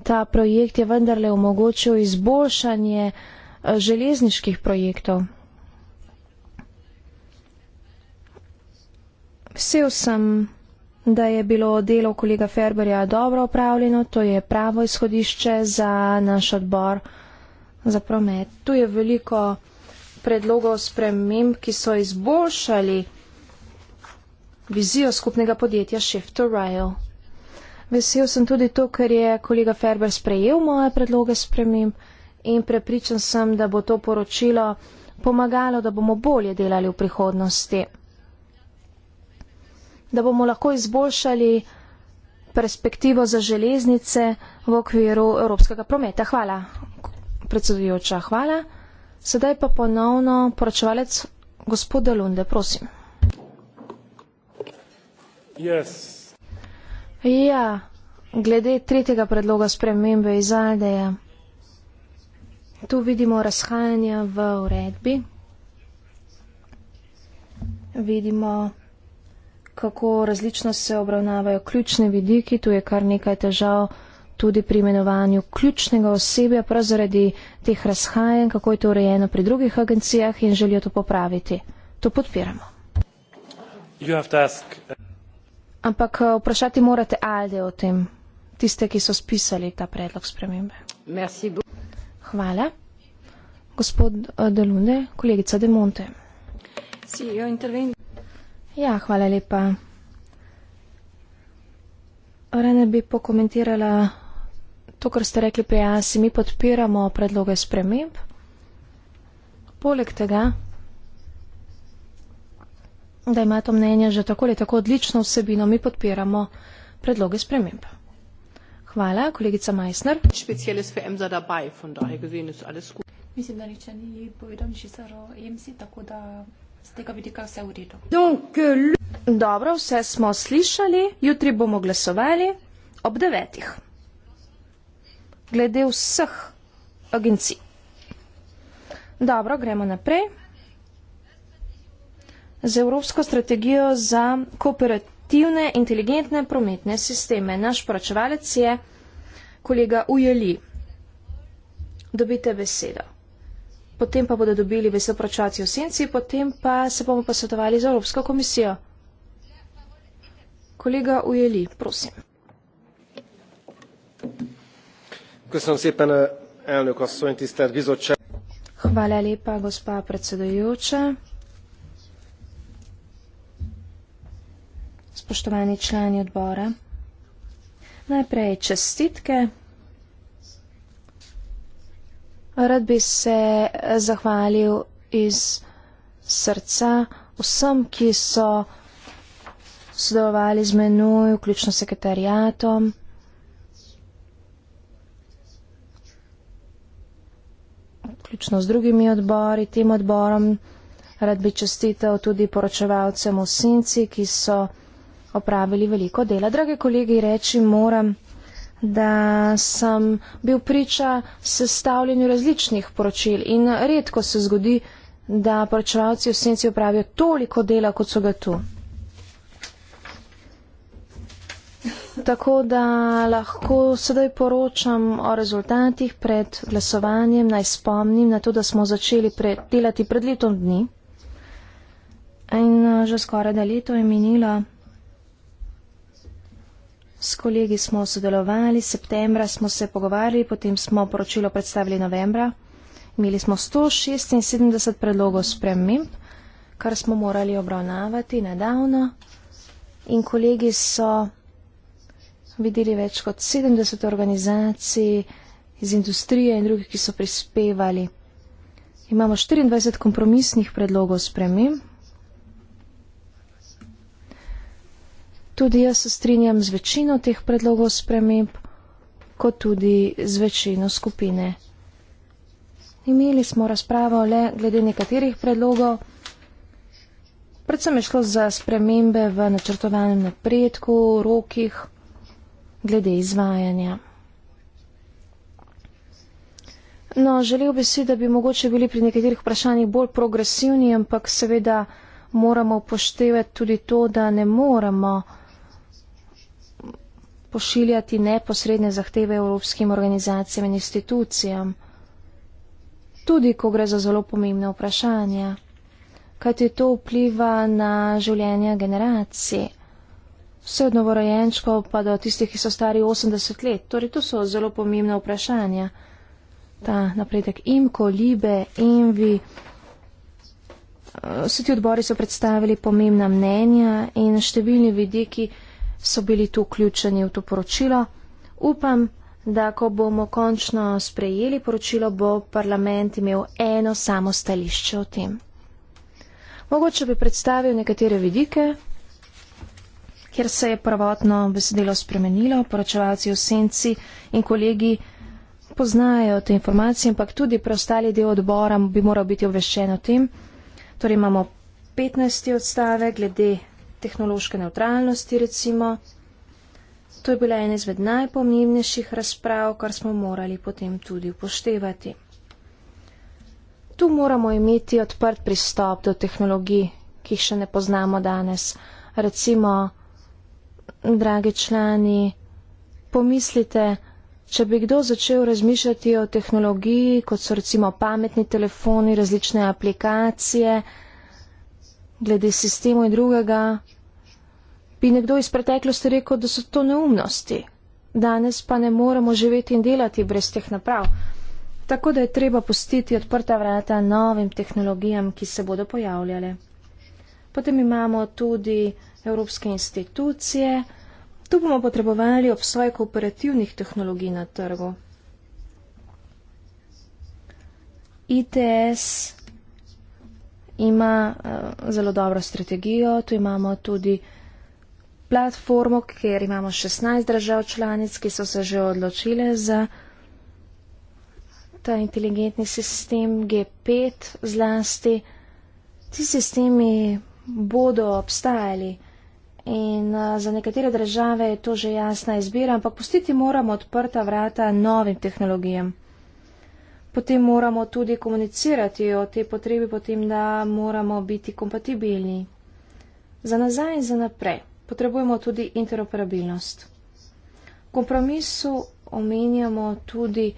Ta projekt je vendarle omogočil izboljšanje eh, železniških projektov. Vsev sem, da je bilo delo kolega Ferberja dobro opravljeno, to je pravo izhodišče za naš odbor za promet. Tu je veliko predlogov sprememb, ki so izboljšali vizijo skupnega podjetja Shift to Rail. Vesel sem tudi to, ker je kolega Ferber sprejel moje predloge sprememb in prepričan sem, da bo to poročilo pomagalo, da bomo bolje delali v prihodnosti. Da bomo lahko izboljšali perspektivo za železnice v okviru evropskega prometa. Hvala predsedujoča, hvala. Sedaj pa ponovno poročevalec gospod Delunde, prosim. Yes. Ja, glede tretjega predloga spremembe iz Aldeja. Tu vidimo razhajanja v uredbi. Vidimo, kako različno se obravnavajo ključni vidiki. Tu je kar nekaj težav tudi pri imenovanju ključnega osebja, prav zaradi teh razhajanj, kako je to urejeno pri drugih agencijah in želijo to popraviti. To podpiramo. Uh, Ampak uh, vprašati morate Alde o tem, tiste, ki so spisali ta predlog spremembe. Hvala. Gospod uh, Delune, kolegica De Monte. Ja, hvala lepa. Rene bi pokomentirala to, kar ste rekli pri ASI, mi podpiramo predloge sprememb. Poleg tega, da ima to mnenje že tako ali tako odlično vsebino, mi podpiramo predloge sprememb. Hvala, kolegica Meissner. Mislim, da nihče ni povedal ničesar o EMSI, tako da z tega vidika vse uredo. Euh, Dobro, vse smo slišali, jutri bomo glasovali ob devetih glede vseh agencij. Dobro, gremo naprej. Z Evropsko strategijo za kooperativne inteligentne prometne sisteme. Naš poročevalec je kolega Ujeli. Dobite besedo. Potem pa bodo dobili besedo poročevalci v senci, potem pa se bomo posvetovali z Evropsko komisijo. Kolega Ujeli, prosim. Thank you. Köszönöm szépen, eh, elnök asszony, tisztelt bizottság! Hvala lepa, gospa predsedujoča. Spoštovani člani odbora, najprej čestitke. Rad bi se zahvalil iz srca vsem, ki so sodelovali z menoj, vključno sekretarijatom. vključno z drugimi odbori, tim odborom. Rad bi čestitev tudi poročevalcem v Sinci, ki so opravili veliko dela. Drage kolegi, reči moram, da sem bil priča sestavljanju različnih poročil in redko se zgodi, da poročevalci v Sinci opravijo toliko dela, kot so ga tu. tako da lahko sedaj poročam o rezultatih pred glasovanjem. Naj spomnim na to, da smo začeli pred, delati pred letom dni in eh, že skoraj da leto je minilo. S kolegi smo sodelovali, septembra smo se pogovarjali, potem smo poročilo predstavili novembra. Imeli smo 176 predlogov sprememb, kar smo morali obravnavati nedavno. In kolegi so videli več kot 70 organizacij iz industrije in drugih, ki so prispevali. Imamo 24 kompromisnih predlogov sprememb. Tudi jaz se strinjam z večino teh predlogov sprememb, kot tudi z večino skupine. Imeli smo razpravo le glede nekaterih predlogov. Predvsem je šlo za spremembe v načrtovanem napredku, rokih glede izvajanja. No, želel bi si, da bi mogoče bili pri nekaterih vprašanjih bolj progresivni, ampak seveda moramo upoštevati tudi to, da ne moramo pošiljati neposredne zahteve evropskim organizacijam in institucijam, tudi ko gre za zelo pomembne vprašanja, kajti to vpliva na življenja generacij. Vse od novorojenčkov pa do tistih, ki so stari 80 let. Torej, to so zelo pomembna vprašanja. Ta napredek imko, libe, envi. Eh, vsi ti odbori so predstavili pomembna mnenja in številni vidiki so bili tu vključeni v to poročilo. Upam, da ko bomo končno sprejeli poročilo, bo parlament imel eno samo stališče o tem. Mogoče bi predstavil nekatere vidike, kjer se je prvotno besedilo spremenilo, poročevalci v senci in kolegi poznajo te informacije, ampak tudi preostali del odbora bi moral biti obveščen o tem. Torej imamo 15. odstave glede tehnološke neutralnosti recimo. To je bila ena izmed najpomembnejših razprav, kar smo morali potem tudi upoštevati. Tu moramo imeti odprt pristop do tehnologij, ki jih še ne poznamo danes. Recimo, dragi člani, pomislite, če bi kdo začel razmišljati o tehnologiji, kot so recimo pametni telefoni, različne aplikacije, glede sistemov in drugega, bi nekdo iz preteklosti rekel, da so to neumnosti. Danes pa ne moremo živeti in delati brez teh naprav. Tako da je treba pustiti odprta vrata novim tehnologijam, ki se bodo pojavljale. Potem imamo tudi evropske institucije. Tu bomo potrebovali obstoj kooperativnih tehnologij na trgu. ITS ima uh, zelo dobro strategijo, tu imamo tudi platformo, kjer imamo 16 držav članic, ki so se že odločile za ta inteligentni sistem G5 zlasti. Ti sistemi bodo obstajali. In eh, za nekatere države je to že jasna izbira, ampak pustiti moramo odprta vrata novim tehnologijam. Potem moramo tudi komunicirati o tej potrebi, potem da moramo biti kompatibilni. Za nazaj in za naprej potrebujemo tudi interoperabilnost. V kompromisu omenjamo tudi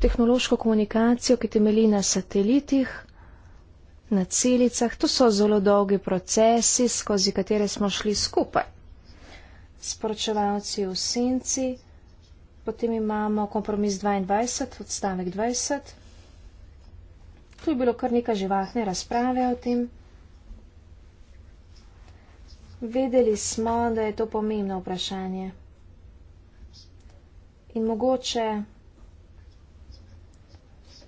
tehnološko komunikacijo, ki temelji na satelitih na celicah. To so zelo dolgi procesi, skozi katere smo šli skupaj. Sporočevalci v senci, potem imamo kompromis 22, odstavek 20. Tu je bilo kar nekaj živahne razprave o tem. Vedeli smo, da je to pomembno vprašanje. In mogoče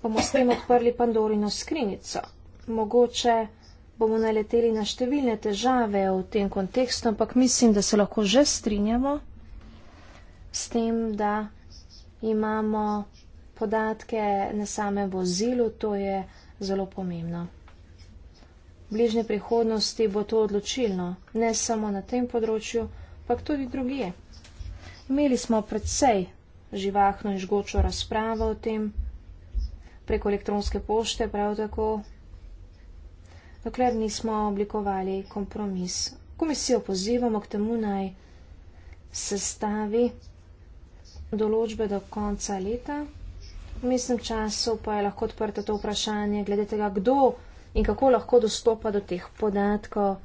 bomo s tem odprli Pandorino skrinico mogoče bomo naleteli na številne težave v tem kontekstu, ampak mislim, da se lahko že strinjamo s tem, da imamo podatke na samem vozilu, to je zelo pomembno. V bližnje prihodnosti bo to odločilno, ne samo na tem področju, pa tudi drugije. Imeli smo predvsej živahno in žgočo razpravo o tem, preko elektronske pošte prav tako dokler nismo oblikovali kompromis. Komisijo pozivamo k temu naj sestavi določbe do konca leta. V mislim času pa je lahko odprto to vprašanje glede tega, kdo in kako lahko dostopa do teh podatkov.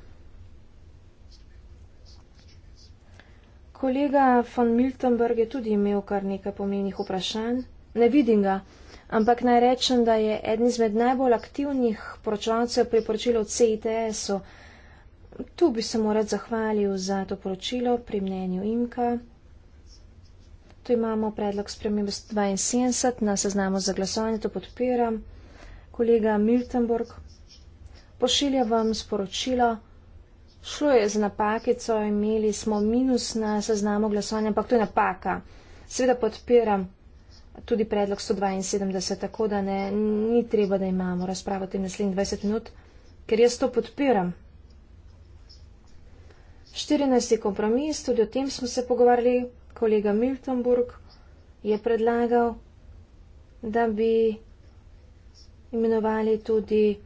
Kolega von Miltenberg je tudi imel kar nekaj pomenih vprašanj. Ne vidim ga ampak naj rečem, da je eden izmed najbolj aktivnih poročevalcev priporočilo CITS-u. Tu bi se morat zahvalil za to poročilo pri mnenju IMKA. Tu imamo predlog spremembe 72 na seznamu za glasovanje, to podpiram. Kolega Miltenburg pošilja vam sporočilo. Šlo je za napakico, imeli smo minus na seznamu glasovanja, ampak to je napaka. Seveda podpiram tudi predlog 172, tako da ne, ni treba, da imamo razpravo tem naslednjih 20 minut, ker jaz to podpiram. 14. kompromis, tudi o tem smo se pogovarjali, kolega Miltonburg je predlagal, da bi imenovali tudi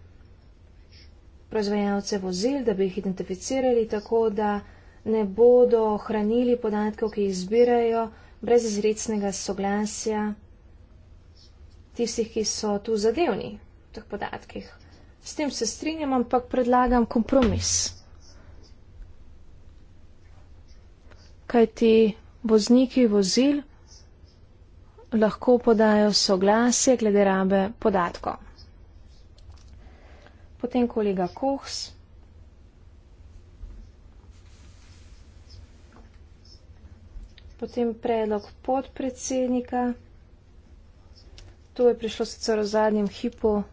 proizvajalce vozil, da bi jih identificirali tako, da ne bodo hranili podatkov, ki jih zbirajo brez izrecnega soglasja tistih, ki so tu zadevni v teh podatkih. S tem se strinjam, ampak predlagam kompromis. Kaj ti vozniki vozil lahko podajo soglasje glede rabe podatkov. Potem kolega Kohs. Potem predlog podpredsednika. Tu je prišlo sicer v zadnjem hipu.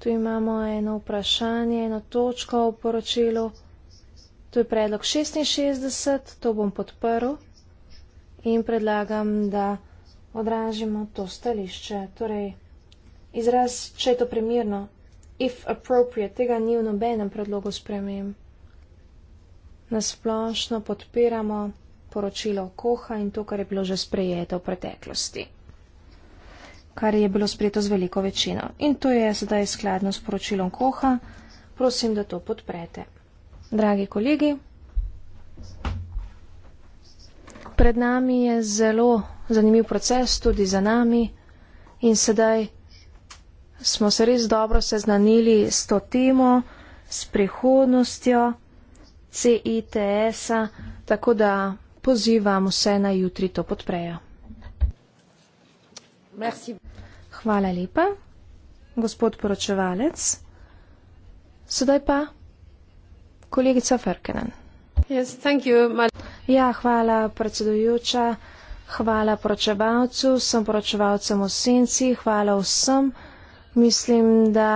Tu imamo eno vprašanje, eno točko v poročilu. Tu je predlog 66, to bom podprl in predlagam, da odražimo to stališče. Torej, izraz, če je to primirno, if appropriate, tega ni v nobenem predlogu spremem. Nasplošno podpiramo poročilo Koha in to, kar je bilo že sprejeto v preteklosti kar je bilo sprejeto z veliko večino. In to je sedaj skladno s poročilom Koha. Prosim, da to podprete. Dragi kolegi, pred nami je zelo zanimiv proces, tudi za nami. In sedaj smo se res dobro seznanili s to temo, s prihodnostjo CITS-a, tako da pozivam vse na jutri to podprejo. Merci. Hvala lepa, gospod poročevalec. Sedaj pa kolegica Ferkenen. Yes, ja, hvala predsedujoča, hvala poročevalcu, sem poročevalcem v senci, hvala vsem. Mislim, da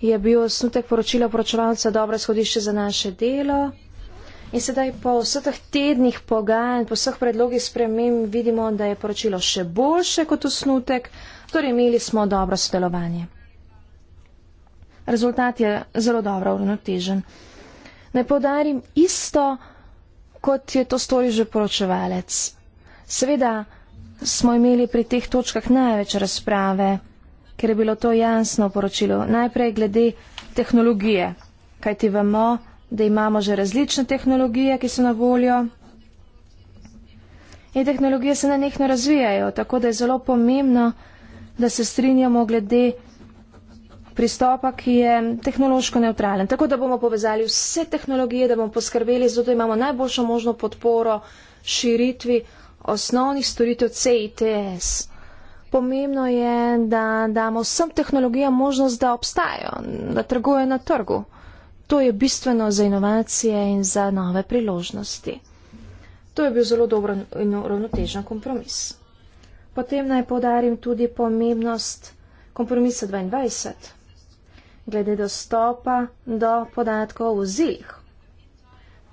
je bil osnutek poročila poročevalca dobro izhodišče za naše delo. In sedaj po vseh teh tednih pogajanj, po vseh predlogih spremem vidimo, da je poročilo še boljše kot osnutek, torej imeli smo dobro sodelovanje. Rezultat je zelo dobro uravnotežen. Naj podarim isto, kot je to storil že poročevalec. Seveda smo imeli pri teh točkah največ razprave, ker je bilo to jasno poročilo. Najprej glede tehnologije, kajti vemo, da imamo že različne tehnologije, ki so na voljo. In tehnologije se nenehno razvijajo, tako da je zelo pomembno, da se strinjamo glede pristopa, ki je tehnološko neutralen. Tako da bomo povezali vse tehnologije, da bomo poskrbeli, zato imamo najboljšo možno podporo širitvi osnovnih storitev CITS. Pomembno je, da damo vsem tehnologijam možnost, da obstajajo, da trgujejo na trgu. To je bistveno za inovacije in za nove priložnosti. To je bil zelo dobro in ravnotežen kompromis. Potem naj podarim tudi pomembnost kompromisa 22 glede dostopa do podatkov v zilih.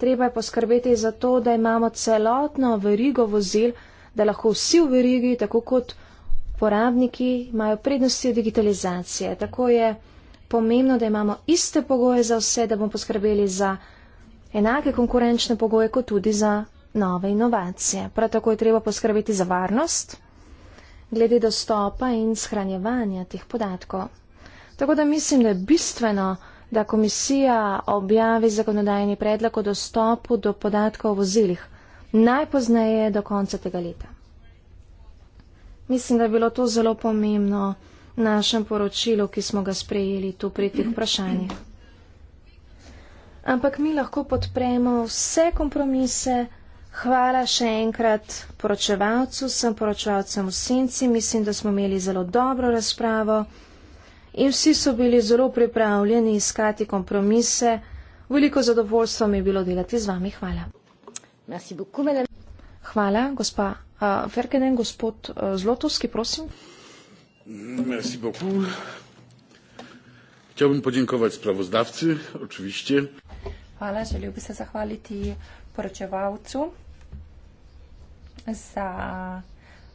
Treba je poskrbeti za to, da imamo celotno verigo vozil, da lahko vsi v verigi, tako kot uporabniki, imajo prednosti digitalizacije. Tako je pomembno, da imamo iste pogoje za vse, da bomo poskrbeli za enake konkurenčne pogoje, kot tudi za nove inovacije. Prav tako je treba poskrbeti za varnost glede dostopa in shranjevanja teh podatkov. Tako da mislim, da je bistveno, da komisija objavi zakonodajni predlog o dostopu do podatkov o vozilih najpozneje do konca tega leta. Mislim, da je bilo to zelo pomembno našem poročilu, ki smo ga sprejeli tu pri teh vprašanjih. Ampak mi lahko podpremo vse kompromise. Hvala še enkrat poročevalcu, sem poročevalcem v senci, mislim, da smo imeli zelo dobro razpravo in vsi so bili zelo pripravljeni iskati kompromise. Veliko zadovoljstvo mi je bilo delati z vami. Hvala. Beaucoup, Hvala, gospa uh, Ferkenen, gospod uh, Zlotovski, prosim merci beaucoup. Chciałbym podziękować sprawozdawcy, oczywiście. Hvala, želel bi se zahvaliti poročevalcu za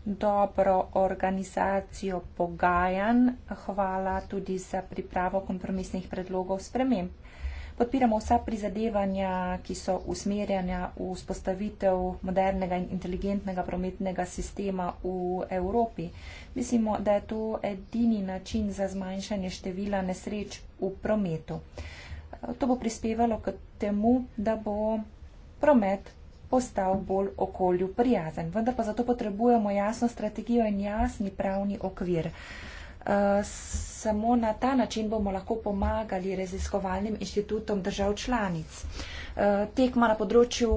dobro organizacijo pogajanj. Hvala tudi za pripravo kompromisnih predlogov sprememb. Podpiramo vsa prizadevanja, ki so usmerjanja v spostavitev modernega in inteligentnega prometnega sistema v Evropi. Mislimo, da je to edini način za zmanjšanje števila nesreč v prometu. To bo prispevalo k temu, da bo promet postal bolj okolju prijazen. Vendar pa zato potrebujemo jasno strategijo in jasni pravni okvir. Uh, Eh, samo na ta način bomo lahko pomagali raziskovalnim inštitutom držav članic. Eh, tekma na področju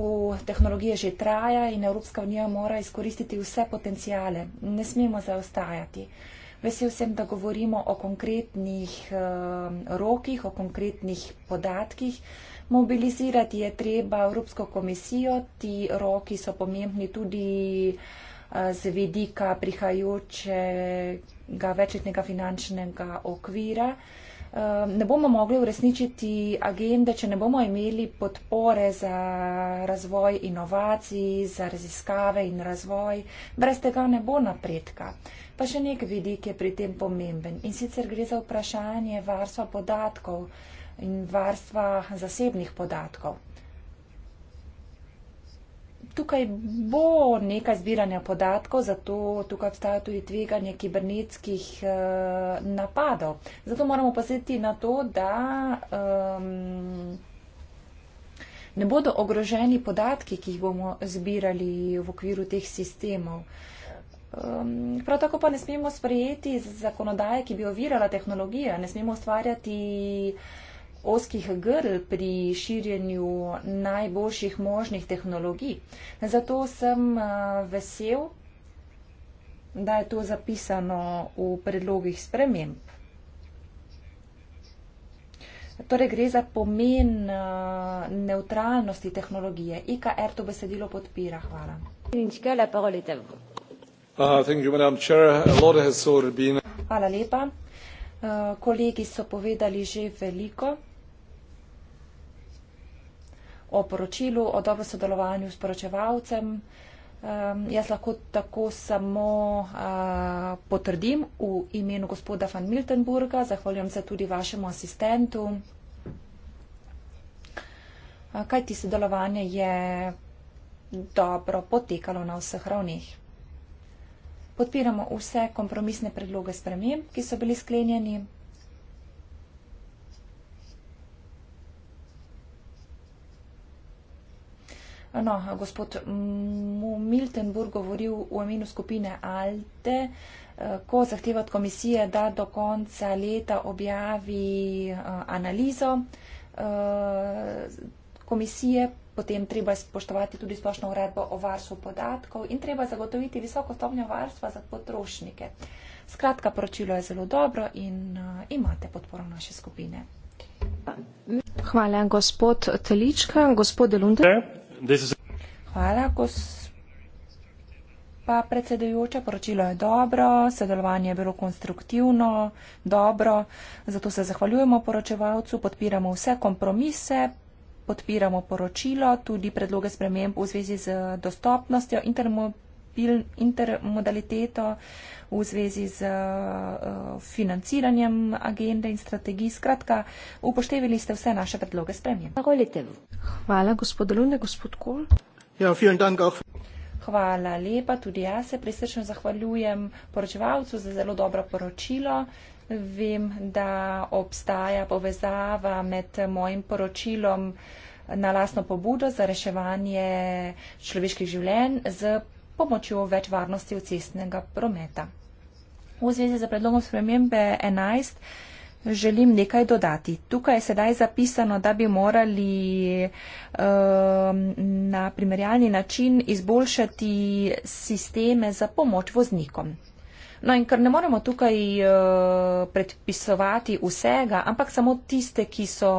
tehnologije že traja in Evropska unija mora izkoristiti vse potencijale. Ne smemo zaostajati. Vesel sem, da govorimo o konkretnih eh, rokih, o konkretnih podatkih. Mobilizirati je treba Evropsko komisijo, ti roki so pomembni tudi z vidika prihajajoče nekega večletnega finančnega okvira. Ehm, ne bomo mogli uresničiti agende, če ne bomo imeli podpore za razvoj inovacij, za raziskave in razvoj. Brez tega ne bo napredka. Pa še nek vidik je pri tem pomemben in sicer gre za vprašanje varstva podatkov in varstva zasebnih podatkov tukaj bo nekaj zbiranja podatkov, zato tukaj obstaja tudi tveganje kibernetskih uh, napadov. Zato moramo paziti na to, da um, ne bodo ogroženi podatki, ki jih bomo zbirali v okviru teh sistemov. Um, prav tako pa ne smemo sprejeti zakonodaje, ki bi ovirala tehnologijo, ne smemo ustvarjati. Uh, oskih grl pri širjenju najboljših možnih tehnologij. Zato sem vesel, da je to zapisano v predlogih sprememb. Torej gre za pomen neutralnosti tehnologije. IKR to besedilo podpira. Hvala. Uh, Hvala lepa. Uh, kolegi so povedali že veliko o poročilu, o dobrem sodelovanju s poročevalcem. Um, jaz lahko tako samo uh, potrdim v imenu gospoda van Miltenburga, zahvaljujem se tudi vašemu asistentu. Kaj ti sodelovanje je dobro potekalo na vseh ravneh? Podpiramo vse kompromisne predloge sprememb, ki so bili sklenjeni, No, gospod Miltenburg govoril v imenu skupine Alte, eh, ko zahteva od komisije, da do konca leta objavi eh, analizo eh, komisije, potem treba spoštovati tudi splošno uredbo o varstvu podatkov in treba zagotoviti visoko stopnjo varstva za potrošnike. Skratka, poročilo je zelo dobro in imate podporo naše skupine. Hvala, gospod Telička. Gospod Delunde. Hvala, gospa predsedujoča. Poročilo je dobro, sodelovanje je bilo konstruktivno, dobro. Zato se zahvaljujemo poročevalcu, podpiramo vse kompromise, podpiramo poročilo, tudi predloge sprememb v zvezi z dostopnostjo intermobilnosti intermodaliteto v zvezi z eh, financiranjem agende in strategij. Skratka, upoštevili ste vse naše predloge spremljen. Hvala, gospod Lune, gospod Kol. Ja, vielen Dank auch. Hvala lepa, tudi jaz se prisrčno zahvaljujem poročevalcu za zelo dobro poročilo. Vem, da obstaja povezava med mojim poročilom na lastno pobudo za reševanje človeških življenj z pomočjo več varnosti cestnega prometa. V zvezi z predlogom spremembe 11 želim nekaj dodati. Tukaj je sedaj zapisano, da bi morali um, na primerjalni način izboljšati sisteme za pomoč voznikom. No in ker ne moremo tukaj uh, predpisovati vsega, ampak samo tiste, ki so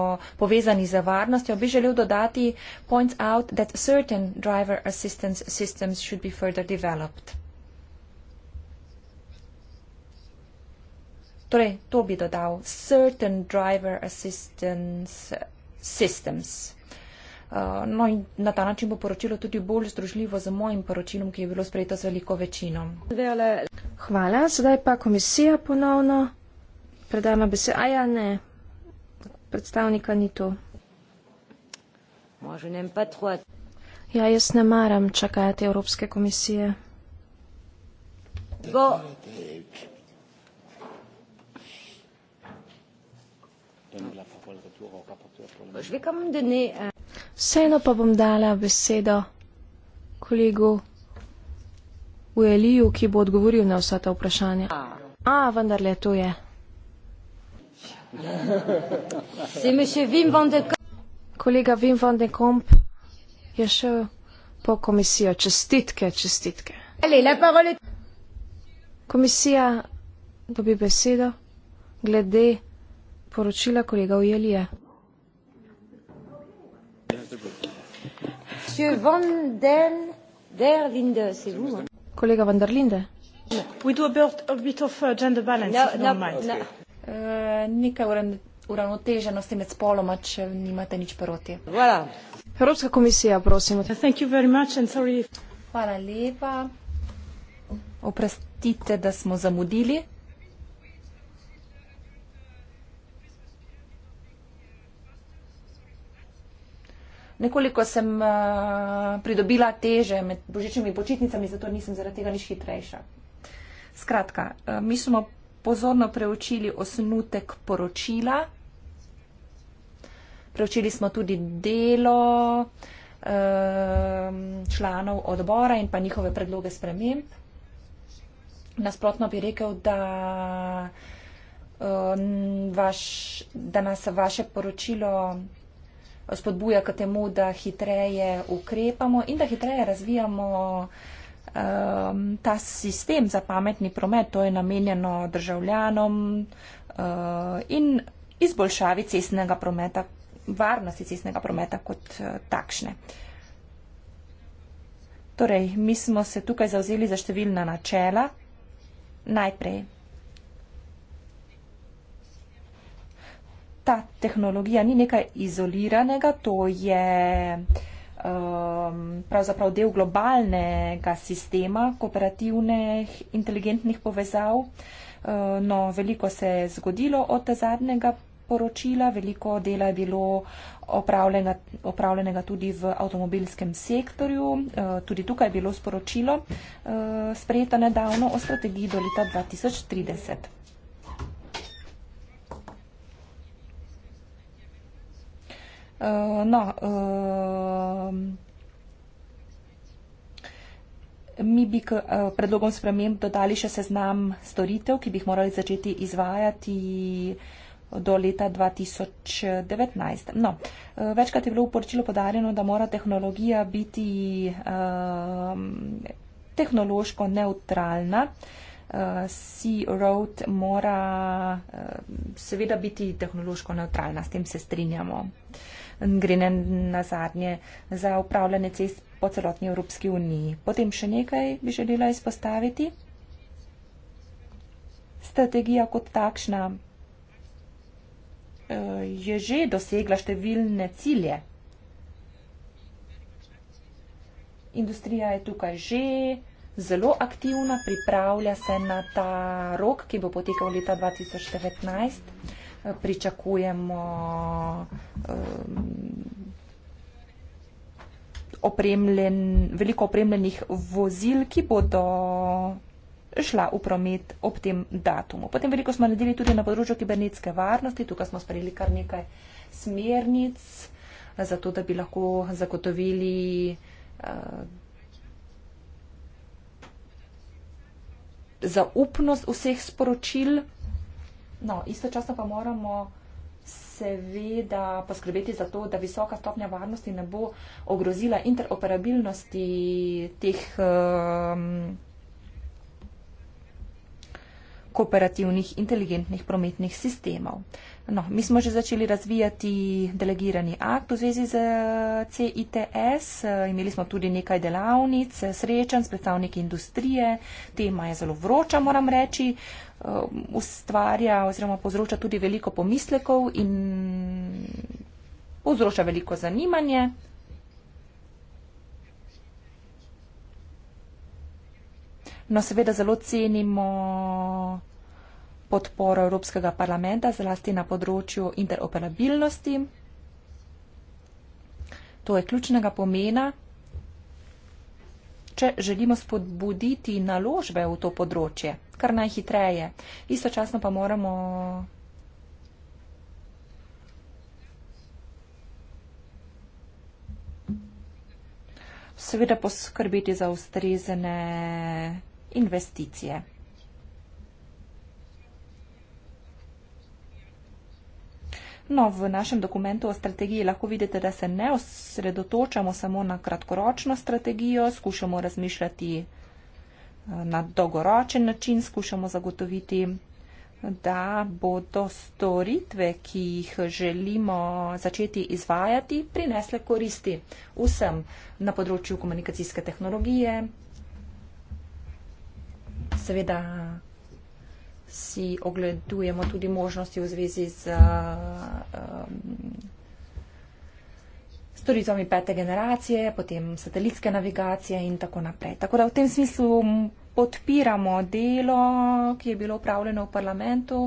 povezani za varnostjo, bi želel dodati point out that certain driver assistance systems should be further developed. Torej, to bi dodal. Certain driver assistance systems. Eh, no in na ta način bo poročilo tudi bolj združljivo z mojim poročilom, ki je bilo sprejeto z veliko večino. Hvala, zdaj pa komisija ponovno. Predajamo besedo. Aja, ne. Predstavnika ni tu. Ja, jaz ne maram čakati Evropske komisije. Go. Go. Boš vi kam, da ne. Vseeno pa bom dala besedo kolegu v Eliju, ki bo odgovoril na vsa ta vprašanja. A, vendar le to je. Kolega Wim van de Komp je šel po komisijo. Čestitke, čestitke. Komisija dobi besedo glede poročila kolega Ujelije. Monsieur Van den der Linde, c'est vous hein? Collègue Van der Linde. We do a bit, a bit of uh, gender balance, no, if you no, don't mind. No. Uh, eh, nekaj uravnoteženosti med spoloma, če nimate nič proti. Voilà. Evropska komisija, prosim. Thank you very much and sorry. Hvala lepa. Oprostite, da smo zamudili. nekoliko sem uh, pridobila teže med božičnimi počitnicami, zato nisem zaradi tega nič hitrejša. Skratka, uh, mi smo pozorno preučili osnutek poročila, preučili smo tudi delo uh, članov odbora in pa njihove predloge sprememb. Nasprotno bi rekel, da Vaš, da nas vaše poročilo spodbuja k temu, da hitreje ukrepamo in da hitreje razvijamo um, ta sistem za pametni promet, to je namenjeno državljanom uh, in izboljšavi cestnega prometa, varnosti cestnega prometa kot uh, takšne. Torej, mi smo se tukaj zauzeli za številna načela. Najprej ta tehnologija ni nekaj izoliranega, to je um, pravzaprav del globalnega sistema kooperativnih inteligentnih povezav. Uh, no, veliko se je zgodilo od zadnjega poročila, veliko dela je bilo opravljena, opravljenega tudi v avtomobilskem sektorju. Uh, tudi tukaj je bilo sporočilo uh, sprejeto nedavno o strategiji do leta 2030. Uh, no, uh, mi bi k uh, predlogom sprememb dodali še seznam storitev, ki bi jih morali začeti izvajati do leta 2019. No, uh, večkrat je bilo v poročilu podarjeno, da mora tehnologija biti uh, tehnološko neutralna. Uh, sea Road mora uh, seveda biti tehnološko neutralna, s tem se strinjamo. Uh, gre ne na zadnje za upravljanje cest po celotni Evropski uniji. Potem še nekaj bi želela izpostaviti. Strategija kot takšna eh, je že dosegla številne cilje. Industrija je tukaj že zelo aktivna, pripravlja se na ta rok, ki bo potekal leta 2019 pričakujemo um, opremljen, veliko opremljenih vozil, ki bodo šla v promet ob tem datumu. Potem veliko smo naredili tudi na področju kibernetske varnosti. Tukaj smo sprejeli kar nekaj smernic, zato da bi lahko zagotovili uh, zaupnost vseh sporočil. No, istočasno pa moramo seveda poskrbeti za to, da visoka stopnja varnosti ne bo ogrozila interoperabilnosti teh um, kooperativnih inteligentnih prometnih sistemov. No, mi smo že začeli razvijati delegirani akt v zvezi z eh, CITS, eh, imeli smo tudi nekaj delavnic, eh, srečanj s predstavniki industrije, tema je zelo vroča, moram reči, ustvarja oziroma povzroča tudi veliko pomislekov in povzroča veliko zanimanje. No, seveda zelo cenimo podporo Evropskega parlamenta, zlasti na področju interoperabilnosti. To je ključnega pomena, če želimo spodbuditi naložbe v to področje, kar najhitreje. Istočasno pa moramo. Seveda poskrbeti za ustrezene investicije. No, v našem dokumentu o strategiji lahko vidite, da se ne osredotočamo samo na kratkoročno strategijo, skušamo razmišljati eh, na dolgoročen način, skušamo zagotoviti, da bodo storitve, ki jih želimo začeti izvajati, prinesle koristi vsem na področju komunikacijske tehnologije. Seveda si ogledujemo tudi možnosti v zvezi z eh, storitvami pete generacije, potem satelitske navigacije in tako naprej. Tako da v tem smislu podpiramo delo, ki je bilo upravljeno v parlamentu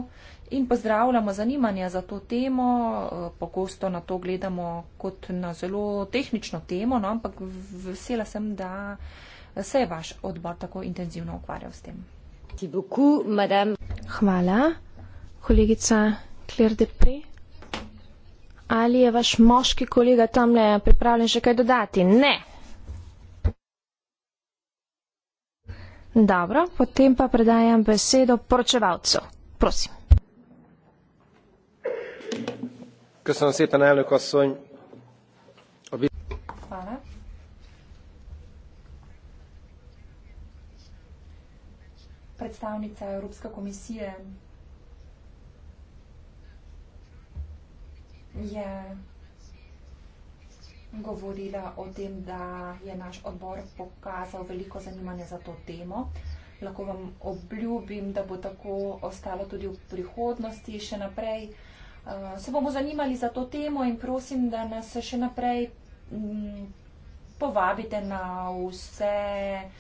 in pozdravljamo zanimanje za to temo. Eh, pogosto na to gledamo kot na zelo tehnično temo, no, ampak vesela sem, da se je vaš odbor tako intenzivno ukvarjal s tem. Hvala, kolegica Claire Depre. Ali je vaš moški kolega tamle pripravljen še kaj dodati? Ne. Dobro, potem pa predajam besedo poročevalcu. Prosim. Ko sem se pa najavljal, ko so predstavnica Evropske komisije je govorila o tem, da je naš odbor pokazal veliko zanimanja za to temo. Lahko vam obljubim, da bo tako ostalo tudi v prihodnosti še naprej. Eh, se bomo zanimali za to temo in prosim, da nas še naprej mm, povabite na vse uh,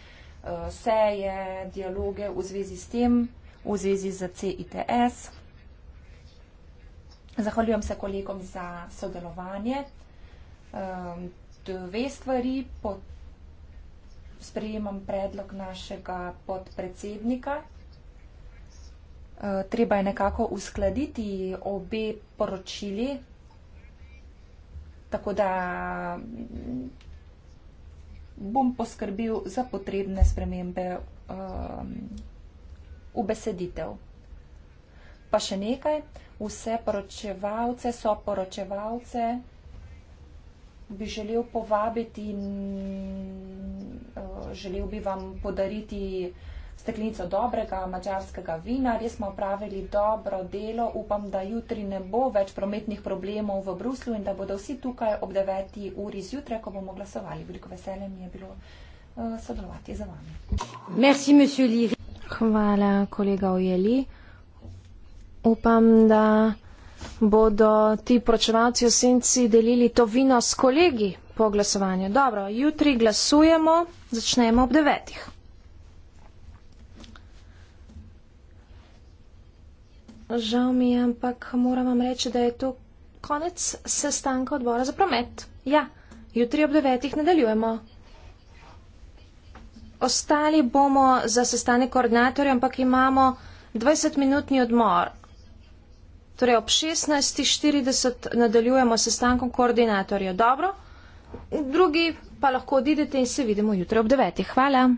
seje, dialoge v zvezi s tem, v zvezi z CITS. Zahvaljujem se kolegom za sodelovanje. Ehm, dve stvari. Sprejemam predlog našega podpredsednika. Ehm, treba je nekako uskladiti obe poročili, tako da bom poskrbil za potrebne spremembe um, v beseditev. Pa še nekaj, vse poročevalce, so poročevalce, bi želel povabiti in uh, želel bi vam podariti uh, steklenico dobrega mačarskega vina. Res smo opravili dobro delo. Upam, da jutri ne bo več prometnih problemov v Bruslu in da bodo vsi tukaj ob 9. uri zjutraj, ko bomo glasovali. Veliko veselje mi je bilo eh, sodelovati z vami. Merci, Hvala, kolega Ojeli. Upam, da bodo ti pročevalci v senci delili to vino s kolegi po glasovanju. Dobro, jutri glasujemo, začnemo ob devetih. Žal mi je, ampak moram vam reči, da je to konec sestanka odbora za promet. Ja, jutri ob devetih nadaljujemo. Ostali bomo za sestanek koordinatorja, ampak imamo 20-minutni odmor. Torej ob 16.40 nadaljujemo sestankom koordinatorja. Dobro, drugi pa lahko odidete in se vidimo jutri ob devetih. Hvala.